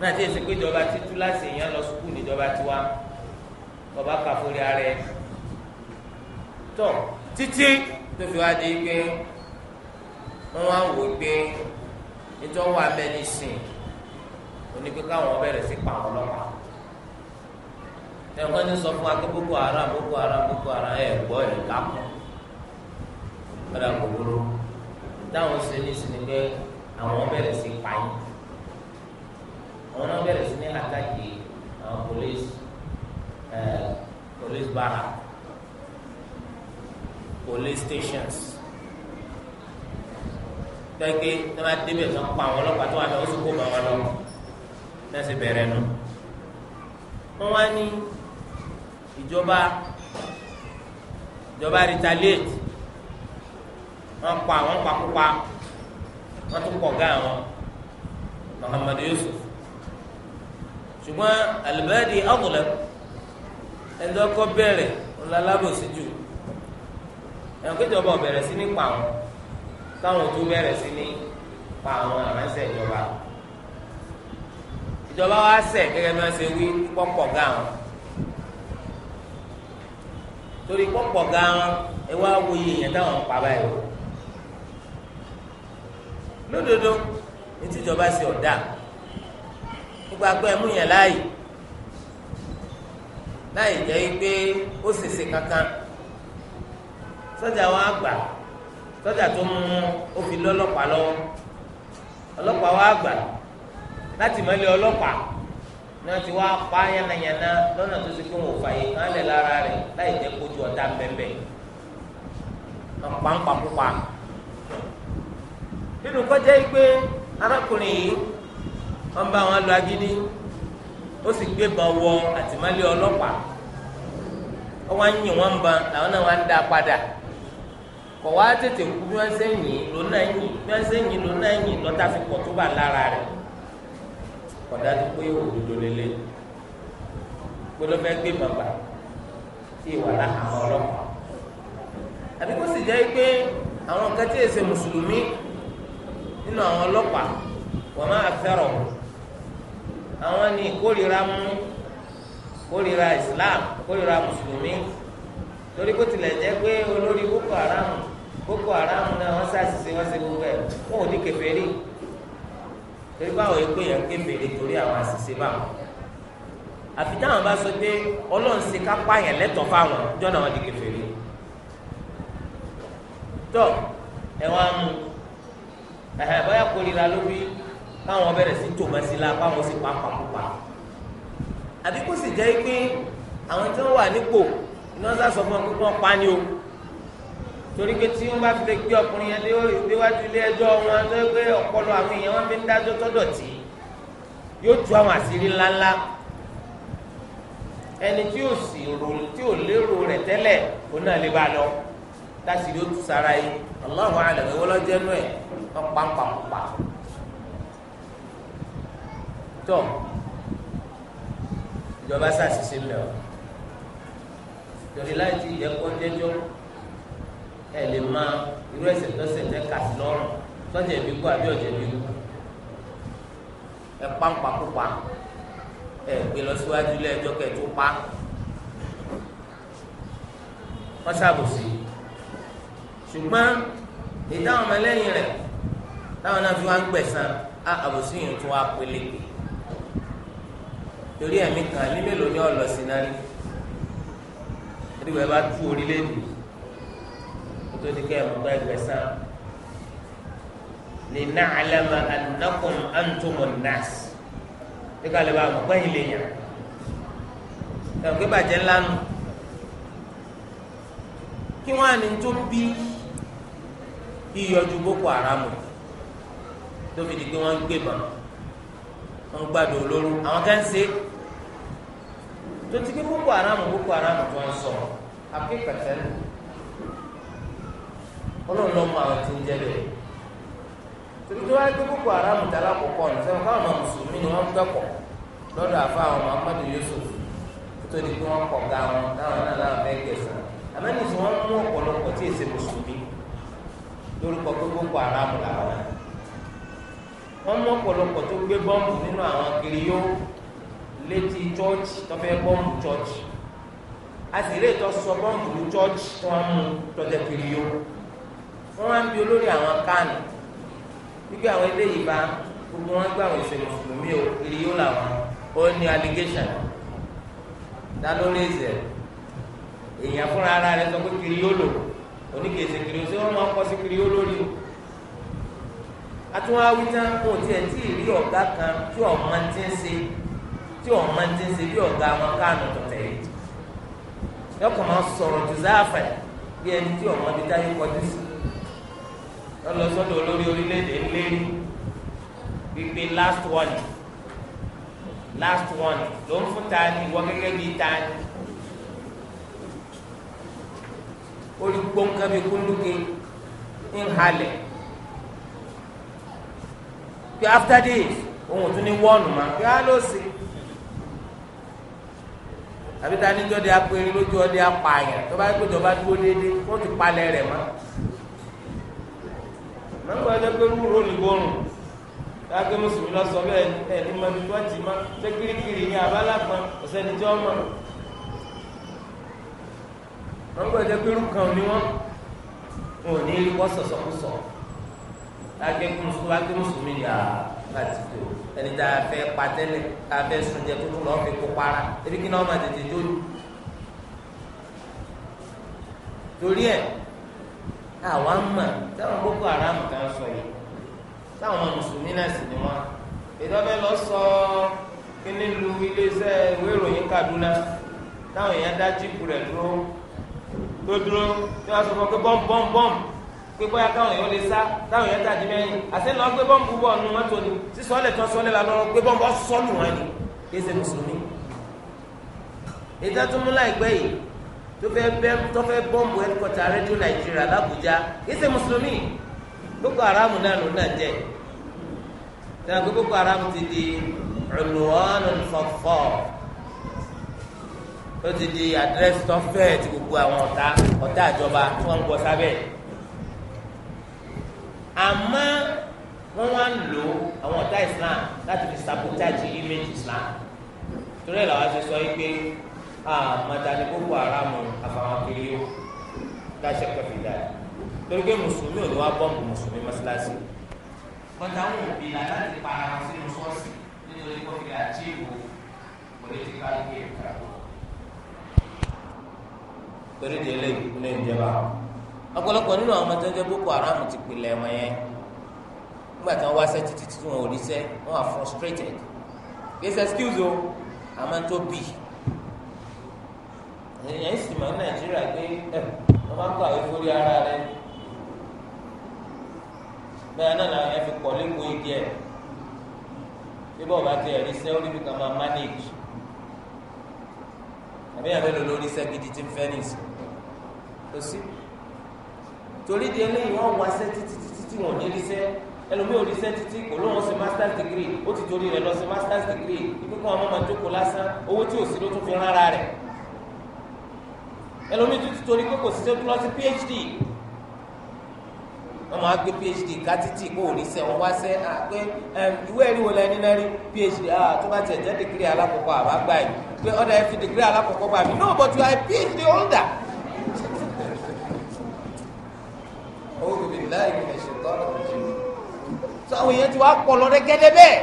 pé ìjọba ti tú láti wọ́n wá wò pé nítorí wọ́n wà mẹ́dísìn onípe káwọn bẹ̀rẹ̀ sí pa àwọn ọlọ́pàá ẹ̀wọ́n ní sọ fún wa pé boko haram boko haram boko haram ẹ̀ gbọ́ ẹ̀ kápọ̀ padà kòkòrò táwọn ṣe ní sinmi pé àwọn bẹ̀rẹ̀ sí pa yín àwọn náà bẹ̀rẹ̀ sí ní àtàkì àwọn police eh, police barrack police stations tẹ́gbẹ́ tí wọ́n á débẹ̀ tó ń pa àwọn ọlọ́pàá tó wà lọ́wọ́ sókò bá wọn lọ náà sì bẹ̀rẹ̀ nu. wọ́n wá ní ìjọba ìjọba retaliate wọ́n pa àwọn pakópa wọ́n tún pọ̀ gá àwọn Muhammad Yusuf ṣùgbọ́n alibadi abdulai ẹni tó kọ́ bẹ̀rẹ̀ ńlá lábòsí jù ẹ̀kọ́ ìjọba ọ̀bẹ̀rẹ̀ sí ní pa àwọn káwọn tó bẹ̀rẹ̀ sí ní pa àwọn aránṣẹ́ ìjọba ìjọba wa ṣẹ̀ gẹ́gẹ́ bí wọ́n ṣe wí pọ́pọ̀ gá wọn torí pọ́pọ̀ gá wọn ẹ wá wo iye yẹn táwọn ń pa báyìí o lódodo ní tìjọba ṣe ọ̀dà gbogbo agbẹ́ ẹ̀mú yẹn láàyè láì jẹ́ pé ó ṣèṣe kankan sọ́jà wa gbà sọ́jà tó mú ó fi lé ọlọ́pàá lọ́wọ́ ọlọ́pàá wa gbà láti mọ́lẹ̀ ọlọ́pàá náà ti wá pa yánnayànna lọ́nà tó ti pé wọn ò fààyè kan lẹ̀ lára rẹ̀ láì jẹ́ kójú ọ̀tá bẹ́ẹ̀ pàǹpàǹpà nínú kọjá yìí pé arákùnrin yìí wọ́n bá wọn lọ agídí ó sì gbé ban wọ àtìmọ́lé ọlọ́pàá wọ́n wá ń yìn wọ́n ń làwọn náà wá ń dá a padà kọ̀ wá tètè kú bí wọ́n ṣe ń yìn lónà náà yìn bí wọ́n ṣe ń yìn lónà náà yìn lọ́tà fi pọ̀ tó bà lára rẹ̀ kọ̀dá tó pé òdodo lélẹ̀ gbọdọ̀fẹ́ gbé bàbà tí ìwà láhà ọlọ́pàá àbí kó sì jẹ́ pé àwọn nǹkan tí èsè mùsùlùmí nínú àwọn ọlọ́pàá wọ́n máa fẹ́ràn àwọn ní ìkórìíra mú kórìíra Islam kórìíra mùsùlùmí torí kó tilẹ̀ jẹ́ pé olórí Boko Haram Boko Haram náà wọ́n ṣàṣìṣe wọ́n ṣe gbogbo ẹ̀ wọ́n ò ní kèfèrí torí báwo yẹ pé yẹn ń ké mbèrè torí àwọn àṣìṣe báwọn àfi táwọn bá sọ pé Ọlọ́run ṣe ká pààyàn lẹ́tọ̀ọ́ fáwọn jọ́nà wọn di kèfèrí tọ́ ẹ wá mú ẹ̀hẹ́ bóyá kórìíra ló bí káwọn bẹ̀rẹ̀ sí tòmásí káwọn sì pa pàkópa àbí kó sì jẹ́ pé àwọn tí wọ́n wà nípò iná sá sọ fún ọ pé wọ́n pa ni o torí pé tí wọn bá fi lè gbé ọkùnrin yẹn déwájú ilé ẹjọ́ wọn tó gbé ọpọlọ àwọn èèyàn wọn fi ń dájọ́ tọdọ tí yóò tú àwọn àṣírí ńláńlá ẹni tí yóò sì rò tí yóò lérò rẹ̀ tẹ́lẹ̀ òun náà lè bá lọ láti yóò tú sára yìí Allahu a'lam ìwọlọjẹ nù ẹ wọn pàǹpàǹpà tó ìjọba sàṣìṣe mẹ o torí láti ìjẹkọ ẹ lè ma irú ẹ̀ṣẹ̀ lọ́sẹ̀ tẹ́ kà sí lọ́rùn sọ́jà ẹ̀mí kú àbí ọ̀jẹ̀ ẹ̀mí kú ẹ pàǹpà kópa ẹ gbé lọ síwájú ilé ẹjọ́ kẹ́ ẹ tó pa wọ́n ṣàbòsí ṣùgbọ́n ìdáhùn ọmọlẹ́yìn rẹ̀ táwọn náà fi wá ń gbẹ̀sán á àbòsí yìí tún wá pélékè torí ẹ̀mí kan ní mélòó ni ọ̀ lọ náà rí ẹ̀dùn ẹ̀ bá tú orílẹ̀-èdè tó di kẹ́ ẹ̀mú ẹgbẹ̀sán lè ná àlẹ́mà ànákùn àǹtùmọ̀ nàásì bí ká lè bá àmọ́ pẹ́yìn lè yàn ẹ̀rù kí bàjẹ́ ńlá nù kí wọ́n á ní tó bí iyọ̀jú Boko Haram tóbi di pé wọ́n ń gbé bọ̀ wọ́n ń gbàdọ̀ olóró àwọn kan ṣe tó ti gbé Boko Haram Boko Haram tó ń sọ̀rọ̀ àfi pẹ̀tẹ́lú. Ọ na àwọn tí ń jẹ́ bẹ́ẹ̀ torí tó wáyé Boko Haram dara kọ̀kọ́ ní sẹ́wọ́n káwọn mùsùlùmí ni wọ́n ń gbẹ́kọ̀ lọ́dọ̀ àfa àwọn tó di pé ga wọn náà láwọn mú ọ̀pọ̀lọpọ̀ Boko Haram mú ọ̀pọ̀lọpọ̀ tó gbé nínú àwọn létí chọ́ọ̀chì tó fẹ́ chọ́ọ̀chì a sì lè tọ́ wọ́n máa ń bi olórí àwọn kánò wípé àwọn eléyìí bá gbogbo wọn gbà wọn ìṣẹ̀lẹ̀ mùsùlùmí o yóò làwọn ó ní allegation dá lórí ẹsẹ̀ èèyàn fúnra ara rẹ̀ sọ kiri yóò lò oníkèsè kiri o sọ wọ́n máa kọ sí kiri yóò lórí o atúnwá wíjá kò tiẹ̀ tí ì rí ọ̀gá kan tí ti ń ṣe tí ti ń ṣe bí ọ̀gá wọn káànù tọ̀tẹ̀ yìí lọ́kàn sọ̀rọ̀ jù bí ẹni tí kọjú sí lọ sọ́dọ̀ olórí orílẹ̀-èdè ńlérí gbígbé last one last one ló ń fún tani ìwọ gẹ́gẹ́ bíi tani orí gbóǹkan bíi kúndùkì ń halẹ̀ pé after this ohun tún ní wọ́ọ̀nù mà pé á ló sè àbí tani jọ́ de apẹ̀rẹ̀ lójú ọdẹ apààyàn tó bá gbé dúró déédéé kó ti palẹ̀ rẹ̀ mọ́ mọ̀gbàjẹ́ pé rúurú ní gbórùn dáké mùsùlùmí lọ sọ bẹ́ẹ̀ ẹni mọ a tó ti má ṣé kirikiri ní abala kan ọ̀sẹ́ni tí wọ́n mọ̀ mọ̀gbàjẹ́ pé rúurú kan ni wọ́n wọn ò ní rí wọ́n sọ̀sọ̀kúsọ̀ dáké mùsùlùmí ní àbátí tó ẹni tá a fẹ́ patẹ́lẹ̀ tá a fẹ́ sunjẹ tuntun fi kó para ebi kí ni wọ́n máa tètè jó torí ẹ̀ àwa ń mà táwọn boko haram kan sọ yìí táwọn ọmọ mùsùlùmí náà sì ni wọn ìdọ́fẹ́ lọ sọ kíní lu iléeṣẹ́ ìwé ìròyìn Kaduna táwọn èèyàn dá jíìpù rẹ̀ dúró tó dúró tí wọ́n sọ fún ọ pé bọ́m bọ́m bọ́m pé bóyá káwọn èèyàn lè sá táwọn èèyàn tàbí mẹ́rin àti ńlọ gbé bọ́m bú bọ́ ọ̀nù wọn tó ni sísọ́lẹ̀ tán sọ́lẹ̀ la gbé bọ́m bọ́ sọ́lù wọn ni kí ẹ mùsùlùmí ìtẹ́tùmúlá ìgbẹ́ yìí tó fẹ́ bẹ́ tó fẹ́ bọ́ǹbù ẹ̀kọ́tà rédíò nàìjíríà làbújá kìí ṣe mùsùlùmí boko haram náà ló náà jẹ tẹ́lẹ̀ pé boko haram ti di ọlùwọ́nù fọ̀fọ̀ ó ti di àdírẹ́sì tó fẹ́ ti gbogbo àwọn ọ̀tá ọ̀tá ìjọba tí wọ́n ń bọ́ sábẹ́ àmọ́ wọ́n wá ń lò àwọn ọ̀tá islam láti fi sabotage image islam torí ẹ̀ làwọn ti sọ yìí pé àmàtàní boko haram àfàwọn kiri yó láṣẹ kẹfì dá torí pé mùsùlùmí ò ní wá bọ́ǹbù mùsùlùmí mọ́sálásí. kọ́ńtà ń wò bí lànà ti para wọn sínú sọ́ọ̀sì nítorí kó fi àjíìbò political game kàwé. torí di eléyìí ló ń jẹba ọ̀pọ̀lọpọ̀ nínú àwọn ọmọdé boko haram ti pilẹ̀ wọn yẹn nígbà tí wọ́n wá sẹ́ títí tí wọ́n ò rí sẹ́ wọ́n wà frustrated. bí excuse, o àmọ́ tó bì èèyàn sì máa ń nàìjíríà pé ọ máa ń ara rẹ bẹ́ẹ̀ náà na yẹn fi pọ̀ lẹ́kọ̀ọ́ igi ẹ̀ bí bọ́ọ̀ bá ti ẹ̀rí sẹ́ ó níbi kan máa manage àbí yàrá lò lórí sẹ́ gidi tí ń fẹ́ nìsí kò sí torí di eléyìí wọ́n wá sẹ́ títí títí tí ní rí sẹ́ ẹlòmíì ò rí sẹ́ títí kò lóun ṣe masters degree ó ti torí lọ ṣe masters degree ọmọ lásán owó tí ẹlòmíì tó ti torí pé kò sí sẹ́kù lọ sí phd wọ́n máa gbé phd kátìtì kó o rí sẹ́ wọ́n wá sẹ́ à pé ìwé ẹ̀rí wo lẹ́ni náà rí phd à tó bá tẹ̀ jẹ́ dìgírì alákọ̀ọ́kọ́ àbá gbà yìí pé ọ̀dà ẹ̀ fi dìgírì alákọ̀ọ́kọ́ bá mi no but you are a phd holder. owó bèbè láì ní ẹ̀ṣẹ̀ tọ́lọ̀ ọ̀jẹ̀ mi. sọ àwọn èèyàn ti wá pọ̀ lọ́dẹ bẹ́ẹ̀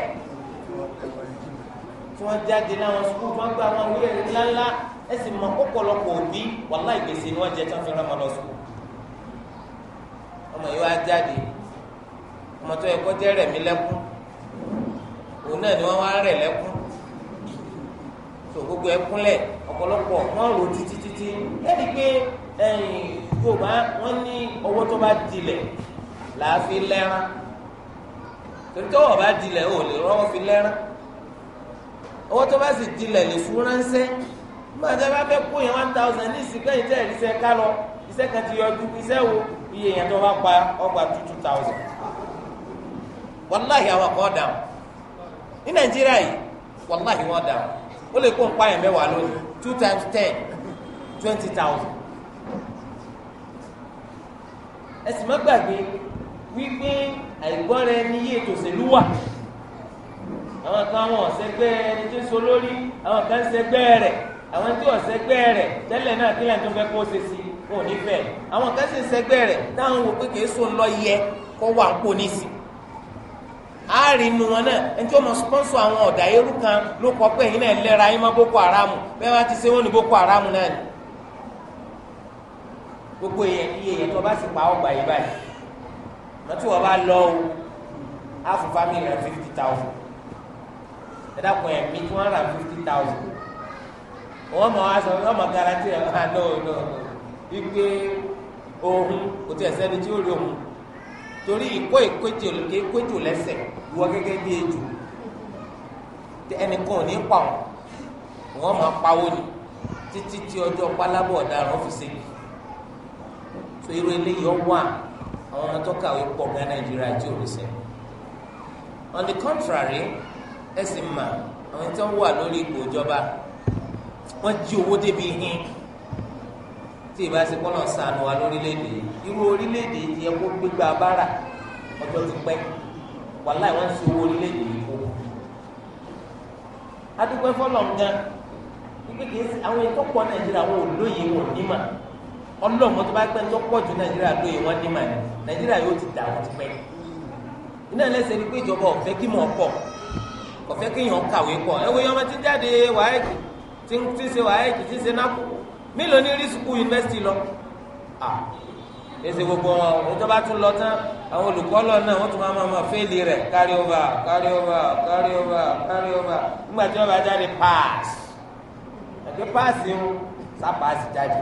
tí wọ́n jáde náà wọn sukùl tí wọ́n gba àwọn ìwé ẹ̀rí ńláńlá ẹ sì mọ ọ̀pọ̀lọpọ̀ òbí wàhálà ìgbèsè ni wọ́n jẹ tí wọ́n fi rán ọmọ lọ sukùl. ọmọ yìí wá jáde ọmọ tó yẹ kó jẹ́ rẹ̀ mí lẹ́kún òun náà ni wọ́n wá rẹ̀ lẹ́kún tó gbogbo ẹ kúnlẹ̀ ọ̀pọ̀lọpọ̀ wọ́n rò títí títí lẹ́ni pé Yorùbá wọ́n ní ọwọ́ tó bá dilẹ̀ làá fi lẹ́rán torí tó wọ́n bá dilẹ̀ ò lè rọ́wọ́ fi lẹ́rán. owó tó bá sì dilẹ̀ lè fún ránṣẹ́ gbọ́dọ̀ bá fẹ́ kó yẹn one thousand ní ìsìnkú ẹ̀yìn tẹ́ ìrìnsẹ̀ ká lọ iṣẹ́ kan ti yọjú iṣẹ́ wo iye yẹn tó bá pa ọgbà two two thousand wàláhì àwọn kan dà ní nàìjíríà yìí wàláhì wọn dà ó lè kó nǹkan mẹ́wàá lónìí two times ten twenty thousand wípé àìgbọ́ra ẹni yé tòṣèlú wà. àwọn kan wọn ọ̀sẹ̀gbẹ́ ẹni tó ń so lórí àwọn kan ń sẹgbẹ́ rẹ̀ àwọn tí ọ̀sẹ̀gbẹ́ rẹ̀ tẹ́lẹ̀ náà tó fẹ́ kó ṣe sí kò ní fẹ́ àwọn kan sì ń sẹgbẹ́ rẹ̀ táwọn wò pé kìí so lọ yẹ kó wà ń pò inú wọn náà ẹni tí mọ sponsor àwọn ọ̀dà eérú ni gbogbo iye yẹn tó bá sì pa ọgbà yìí báyìí mọ́tò wọn bá o ẹ dàpọ̀ ẹ̀mí tí wọ́n rà fifty thousand wọ́n mọ̀ wá sọ wọ́n mọ̀ garanti ẹ̀ máa nọ nọ wípé ohun kò tí ẹ̀ sẹ́ni tí ó rí ohun torí ìkó ìkójì olùkẹ́ ìkójì lẹ́sẹ̀ wọ gẹ́gẹ́ bí ejò ẹnìkan ò ní pa wọn wọ́n máa pawó ni títí tí ọjọ́ pálábọ̀ ọ̀daràn fi ṣe yìí tó irú eléyìí ọ wà àwọn ọmọ tó kàwé pọ̀ gan Nàìjíríà tí ò ní sẹ́ on the contrary ẹ sì mà àwọn tí wọ́n wà lórí ipò ìjọba wọ́n jí owó débi hin tí ìbá ṣe kọ́nà sànù wa lórílẹ̀‐èdè irú orílẹ̀‐èdè yẹ kó gbégbá bára ọjọ́ ti pẹ́ wàláì wọ́n ń sọ owó orílẹ̀‐èdè yìí kó. adúgbò fọlọ́ gan wípé kìí ṣe àwọn ètò pọ̀ nàìjíríà wọn ò lóye wọn ní mà ọlọ́mọ tó bá pẹ́ tó pọ̀ ju nàìjíríà lóye wọn ní mà nàìjíríà yóò ti dà wọ́n ti pẹ́. iná ẹlẹ́sẹ̀ ni pé ìjọba ọ̀fẹ́ kí mọ̀ ọ́ pọ̀ ọ̀fẹ́ kí yàn kàwé kọ ẹ wo yọmọ tí jáde wàhálì tí ń ṣe wàhálì tí ń ṣe nápò mélòó ní rí sukùl yunifásitì lọ ese gbogbo wọn o tó bá tún lọ tán àwọn olùkọ́ lọ náà wọ́n tún máa ma fẹ́ẹ̀lì rẹ̀ carry over carry over carry over carry over nígbà tí wọ́n bá jáde pass ẹ̀kẹ́ pass ń sápàásì jáde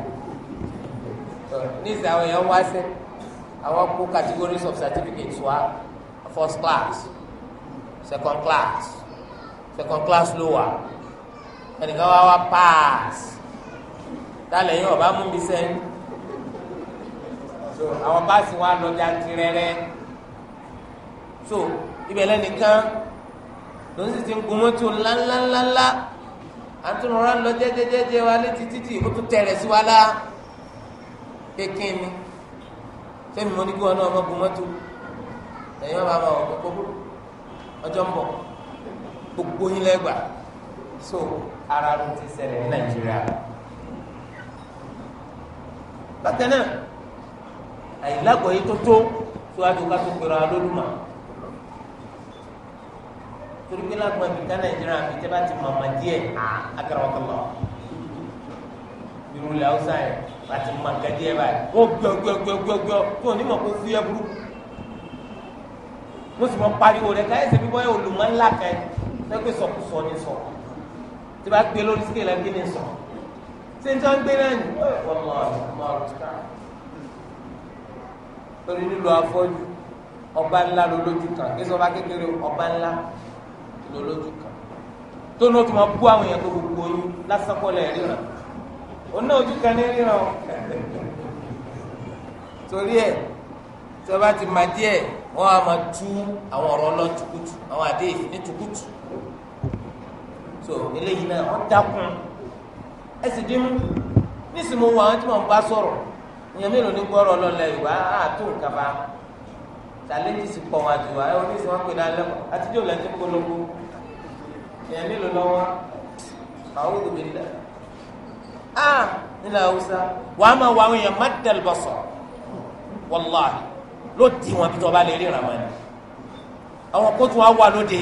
níìsí àwọn èèyàn wá sí àwọn kó categories of certificates wa first class second class second class lower, wà ẹnìkan wá wá pass dálẹ̀ yín ọba mú mi sẹ́yìn so àwọn báàsì wa lọ jantirẹrẹ so ibẹ̀ lẹ́nìkan ló ń sì ti ń gun mọ́tò ńláńláńláńlá àtúnrọ̀rọ̀ lọ jẹ́jẹ́jẹ́jẹ́ wa létí títì ó tún tẹ̀rẹ̀ sí wa lá kékin ni sẹ́mi mo ní kí wọn náà ọmọ gun mọ́tò ẹ̀yin ọba ọmọ ọ̀gbẹ́ kókó ọjọ́ ń bọ̀ gbogbo yín lẹ́gbà so ara ló ti ṣẹlẹ̀ ní nàìjíríà bákan náà àyìnlágbọ̀ yìí tó tó síwájú ká tó pèrò alólùmọ̀ torí pé lágbọ̀n ìbíká nàìjíríà fi tẹ́ bá ti màmá díẹ̀ àgàràwọ̀kọ̀lọ̀ irun ilẹ̀ haúsá yẹn láti mọ nǹkan díẹ̀ báyìí ó gbọ́ gbọ́ gbọ́ gbọ́ gbọ́ tó onímọ̀ kó fúyẹ́ burúkú mo sì mọ pariwo rẹ̀ káyọ̀ ṣe bọ́yọ̀ olùmọ̀ ńlá kan yìí lẹ́gbẹ̀ẹ́ sọ̀kúsọ ní sọ tí bá gbé lórí scale ẹgbẹ́ ní sọ ṣé ní tí wọ́n gbé náà ní ọmọ ọmọ ọ̀rùkà torí nílò afọ́jú ọba ńlá ló lójú kan kí sọba kékeré ọba ńlá ló kan tó ní o tún máa bú àwọn èèyàn tó gbogbo yín lásán kọ́lẹ̀ ríran òun náà ojú kan ní ríran torí ẹ̀ tí wọ́n bá ti máa díẹ̀ wọ́n á máa tú àwọn ọ̀rọ̀ ọlọ́tukutu àwọn àdéhìí ní tukutu so eléyìí náà wọ́n dákun ẹ sì dín mú nísìmú wọn àwọn tí wọ́n bá sọ̀rọ̀ ìyẹn mélòó ní gbọ́rọ̀ lọ́lẹ̀ ìwà àtò nǹkan bá tàlẹ́jì sì pọ̀ wọn àti ìwà ẹ̀ oníṣẹ́ wọn pè ní alẹ́ mọ́ àtijọ́ ìlànà tí polówó ìyẹn mélòó lọ́wọ́ àwọn òbí lẹ̀ á nílẹ̀ haúsá wàá máa wà àwọn má dẹ̀lẹ̀ bọ̀ sọ̀ wàláhì ló di wọn bí tọ́ lè rí ìrànwọ́ ni àwọn kótó wa wà lóde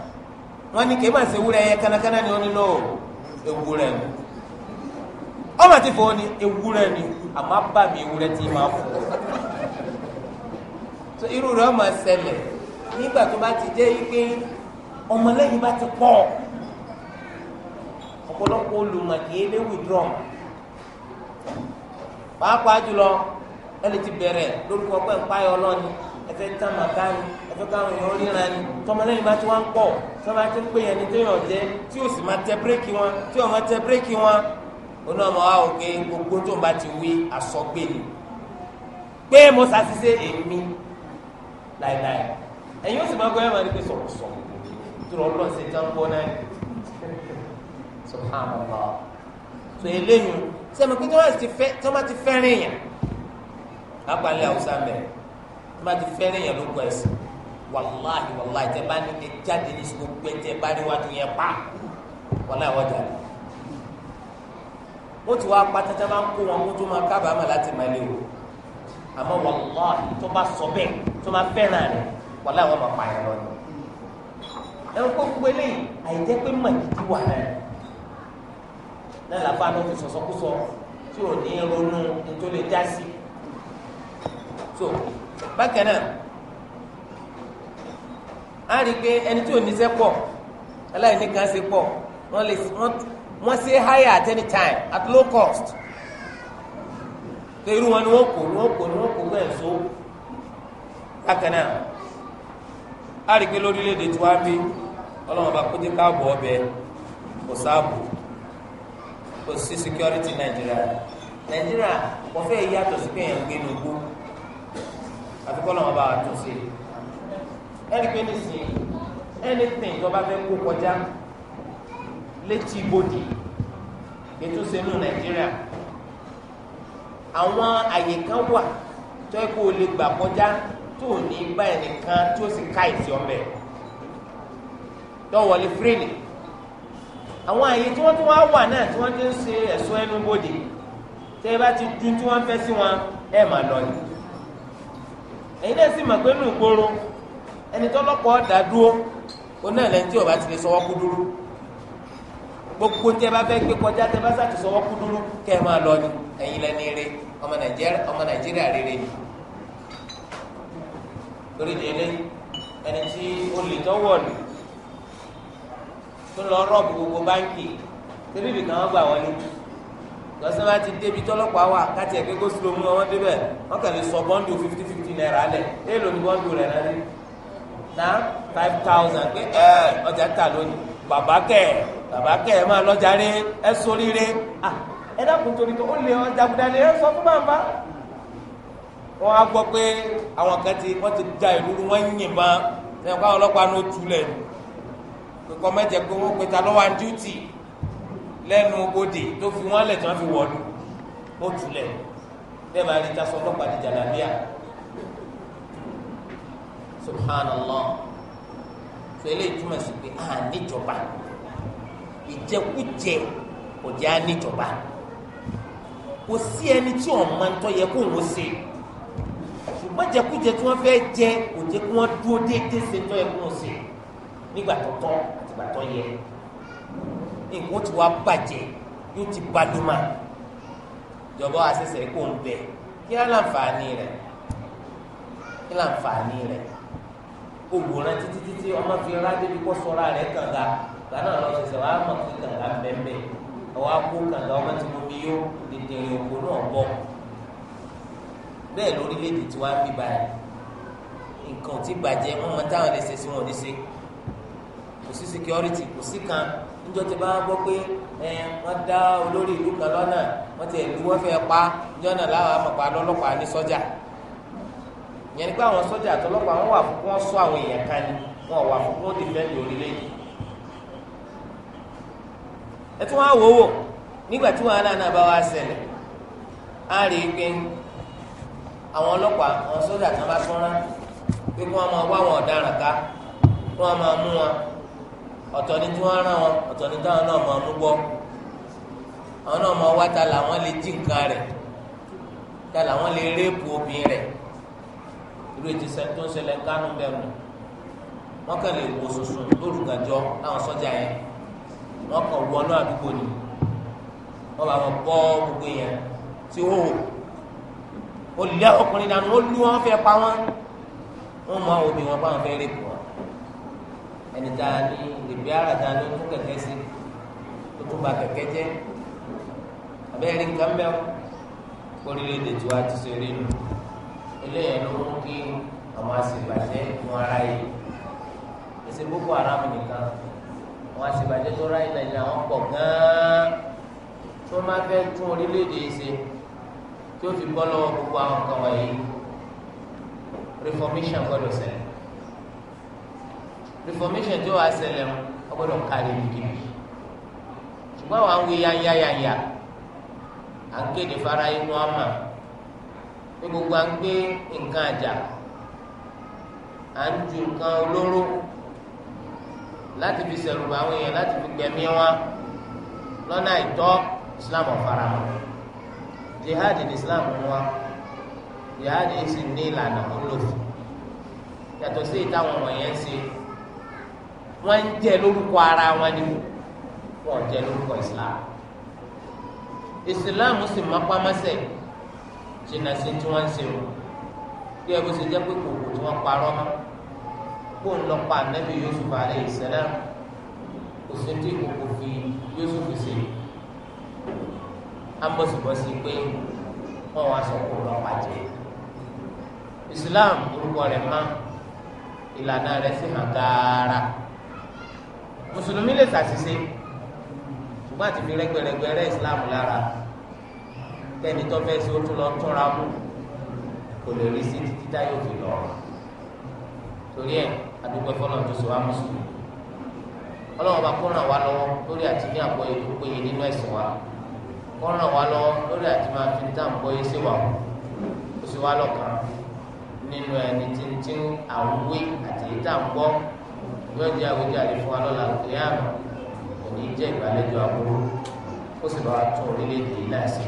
wọ́n ní kèémà ṣe ewúrẹ́ yẹn kánákáná ni wọ́n ní lọ ewúrẹ́ ni ọmọ àti fọwọ́ ni ewúrẹ́ ni àmọ́ bá mi ewúrẹ́ tí máa so irú ọ ọmọ ṣẹlẹ̀ nígbà tó bá ti jẹ́ pé ọmọlẹ́yìn bá ti pọ̀ ọ̀pọ̀lọpọ̀ olùmọ̀ lé withdraw pàápàá jùlọ ẹni tí bẹ̀rẹ̀ lórúkọ ń tán màkà ni. E tọ́ka àwọn èèyàn ríran ni tọmọlẹ́yìn bá ti wá ń pọ̀ sọ́ba ti ń pè yẹn ní téèyàn jẹ́ tí o sì máa tẹ bírèkì wọn tí ó máa tẹ bírèkì wọn oní ọmọ wa ò pé gbogbo tó ń bá ti wí àsọgbé ni pé mo ṣàṣìṣe èmi láìláì ẹ̀yin ó sì máa gbọ́ ẹ̀ máa ní pé sọ̀rọ̀ sọ̀rọ̀ tó lọ lọ́ọ̀ ṣe tán gbọ́ náà subhanallah tó eléyìí sẹ́mi pé tí wọ́n bá ti fẹ́ràn èèyàn lápá ilé haúsá mẹ́rin tí wọ́n ti fẹ́ràn èèyàn ló gbọ́ ẹ̀sìn wàláhi wàláhi tẹ bá ní jáde ní sùgbọ́n gbé tẹ bá rí wájú yẹn pa wàláhi wájú àná wọ́n ti wá pátájá máa ń kó wọn kó tó máa kábàámà láti máa lé o àmọ́ wàláhi tó bá sọ bẹ́ẹ̀ tó máa fẹ́ràn rẹ̀ wàláhi wọ́n máa pààyàn lọ ni ẹ̀rọ kó gbogbo eléyìí àìjẹ́ pé màjìjì wà náà náà làbá náà fi sọ̀sọ́kúsọ tí ò ní ronú nítorí dá so bákan náà á rí i pé ẹni tí ò níṣẹ́ pọ̀ aláìní kan ṣe pọ̀ wọ́n lè wọ́n ṣe hire at any time at low cost pé irú wọn ni wọ́n kò ni wọ́n kò ni wọ́n kò gbẹ̀ so bákan náà rí i pé lórílẹ̀ tí wàá bí ọlọ́run bá kúndé káàbọ̀ ọbẹ̀ kò sáàbù kò sí security Nàìjíríà Nàìjíríà kò fẹ́ yàtọ̀ sí pé èèyàn gbé nínú gbó àfikún ọlọ́run bá wà tó ṣe ẹni pé nísìnyí anything tó bá fẹ́ kó kọjá létí ibodè ètò sẹ́nu nàìjíríà àwọn àyè kan wà tó yẹ kó o lè gbà kọjá tó o ní bá ẹnìkan tó o sì ká ìsì ọmọ ẹ lọ́wọ́lé fírìnì àwọn àyè tí wọ́n tún wá wà náà tí wọ́n ti ń ṣe ẹ̀ṣọ́ ẹnu bodè tẹ́ ẹ bá ti dun tí wọ́n fẹ́ sí wọn ẹ̀ máa lọ ni ẹ̀yin náà sì mọ̀ pé nù gbòòrò ẹni tọ́lọ́pọ̀ ọ̀dà dúró oná ẹ̀lẹ́ tí ọba ti lè sọwọ́ kú dúró gbogbo tí ẹ bá fẹ́ gbé kọjá tẹ bá sàti sọwọ́ kú dúró kẹ́ ẹ máa lọ ni ẹ̀yin lẹni eré ọmọ nàìjíríà ọmọ nàìjíríà rere ni torí délé ẹni tí olè tọ́wọ̀ lù tó lọ rọ́ọ̀bù gbogbo báńkì tẹ́bí ibìkan wọn gbà wọlé lọ́sẹ̀ bá ti débi tọ́lọ́pàá wà káti ẹ̀kẹ́kọ̀ọ́ sílòmù wọn débẹ̀ wọn kàn lè sọ bọ́ńdù fifty fifty náírà lẹ̀ èèlò ni bọ́ńdù rẹ̀ náà náà five thousand pé ẹ eh, ọjà tà lónìí bàbá kẹ bàbá kẹ ẹ máa lọ́jà rẹ ẹ sórí rẹ ẹ dákun torí tó ó lè ọjà gbúdalẹ ẹ sọ fún bàbá wọn á gbọ́ pé àwọn kan ti wọn ti da ìlú wọn ń yìnbọn ẹ kó àwọn ọlọ́pàá ní otu lẹ kókó mẹjẹ pé wọn pe ta ló wà dúùtì tó fi wọn lẹ tí wọn fi wọlú otu lẹ bẹ́ẹ̀ bá rí tasọ ọlọ́pàá di jàlábíà subhanallah so eléyìí túmọ̀ sí pé a níjọba ìjẹkújẹ kò jẹ́ a níjọba kò sí ẹni tí ò máa ń tọ́ yẹ kó wọ́n ṣe ṣùgbọ́n jẹkújẹ tí wọ́n fẹ́ jẹ kò jẹ́ kí wọ́n dúró déédéé ṣe tọ́ yẹ kó wọ́n ṣe nígbà tó tọ́ àti ìgbà tó yẹ nǹkan ti wá bàjẹ́ yóò ti balùmọ̀ ìjọba àṣẹṣẹ kò ń bẹ kí á láǹfààní rẹ̀ kí láǹfààní rẹ̀ òwòrán títí títí ọmọ fi rá débi kó sọra rẹ̀ kànga gbaná lọ ṣẹ̀ṣẹ̀ wàá mọ̀ pé kànga bẹ́ẹ̀ ọwọ́ akó kànga ọmọ tí mo mi yó tètè rìn òkú náà bọ̀ bẹ́ẹ̀ lórílẹ̀‐èdè tí wàá fi báyìí nǹkan tí bàjẹ́ ọmọ táwọn lè ṣe sí wọn ò ní ṣe kò sí security kò sí kan níjọ́ tí bá gbọ́ pé ẹ wọ́n dá olórí ìlú kan lọ́nà wọ́n ti ẹ̀ lú wọ́n fẹ́ pa níjọ́ náà láwọn àmọ̀pá lọ́lọ́pàá ní sọ́jà ìyẹn ni pé àwọn sọ́jà àtọlọ́pàá wọn wà fún kí wọ́n sọ àwọn èèyàn kan ni wọn wà fún kí wọ́n dìfẹ́ǹdì orílẹ̀-èdè ẹ tún wá wò ó wò nígbà tí wàhálà náà bá wá ṣẹlẹ̀ á rí i pé àwọn ọlọ́pàá àwọn sọ́jà kan bá tún rán pé kí wọ́n máa wá àwọn ọ̀daràn ká kí wọ́n máa mú wọn ọ̀tọ̀ ni tí wọ́n rán wọn ọ̀tọ̀ ni táwọn náà máa mú gbọ́ àwọn náà máa wá ta làwọn lè jí nǹkan rẹ̀ ta làwọn lè réèpù obìnrin rẹ̀ irú ètò tó ń ṣẹlẹ̀ kánú bẹ̀rù wọ́n kàn lè wo sùsùn lórúkàjọ láwọn sọ́jà yẹn wọ́n kàn wọ náà àdúgbò ni wọ́n bá wọn bọ́ gbogbo yẹn tí ó wò ó lé ọkùnrin dànù ó lú wọn fẹ́ pa wọn wọ́n mọ àwọn obìnrin wọn pa wọn fẹ́ rè pọ̀ ẹni tá a ní ìbí ara tá a ní fún kẹ̀kẹ́ sí ó tún ba kẹ̀kẹ́ jẹ́ abẹ́rẹ́ nǹkan bẹ́ẹ̀ kórìlẹ̀ èdè tí wàá ti ṣe rí nù eléyìí ló mú kí àwọn àṣìbàjẹ́ wọn ara yìí èsì boko haram nìkan àwọn àṣìbàjẹ́ tó ráyè nàìjíríà wọn pọ̀ gan-an tó má fẹ́ tún orílẹ̀-èdè ṣe tí ó fi bọ́ lọ́wọ́ gbogbo àwọn nǹkan wọ̀nyí reformation gbọ́dọ̀ ṣẹlẹ̀ reformation tí ó wá ṣẹlẹ̀ wọn gbọ́dọ̀ kárí nìkíbi ṣùgbọ́n àwọn awi yanyayanya à ń kéde fara inú ọmọ pé gbogbo à ń gbé nǹkan àjà à ń ju nǹkan olóró láti fi sẹ̀rùbà àwọn èèyàn láti fi gbẹ̀mí wọn lọ́nà àìtọ́ Islam ọ̀farahàn jihad ní Islam wa jihad yìí sì ní ìlànà olófin yàtọ̀ sí ìtàwọn wọ̀nyẹn ń ṣe wọ́n ń jẹ́ lórúkọ ara wọn ni wọ́n jẹ́ lórúkọ Islam Islam sì máa pa mọ́sẹ̀ jìnnà sí tí wọ́n ń ṣe wọn bí ẹbí ṣe jẹ́ pé kòkò tí wọ́n parọ́ mọ́ kó ń lọ pa ànábì Yusuf alayhi salam kò sí tí kòkò fi Yusuf ṣe ambọ̀sibọ̀sì pé wọ́n wá sọ kó lọ pàjẹ́ Islam orúkọ rẹ̀ mọ́ ìlànà rẹ̀ sì hàn gààrà mùsùlùmí lè ṣàṣìṣe ṣùgbọ́n àti fi rẹ́gbẹ̀rẹ́gbẹ̀ rẹ́ Islam lára kẹ́ni tó fẹ́ sí ó tún lọ túnra mú kò lè rí sí títí tá yóò fi lọ torí ẹ̀ adúgbò fọlọ́ tó so amúsùn ọlọ́run bá kó ràn wá lọ́wọ́ lórí àti ní àgbọ́yé tó péye nínú ẹ̀sìn wa kó ràn wá lọ́wọ́ lórí àti máa fi dá àgbọ́yé sí wa ó sì wá lọ́kàn nínú ẹni tí ń tí ń àwúwé àti èyí tá à ń gbọ́ yóò jẹ́ àwíjàre fún wa lọ́la ìyá àná kò ní jẹ́ ìgbàlejò àbúrò ó sì bá wa tún orílẹ̀-èdè yìí láìsí.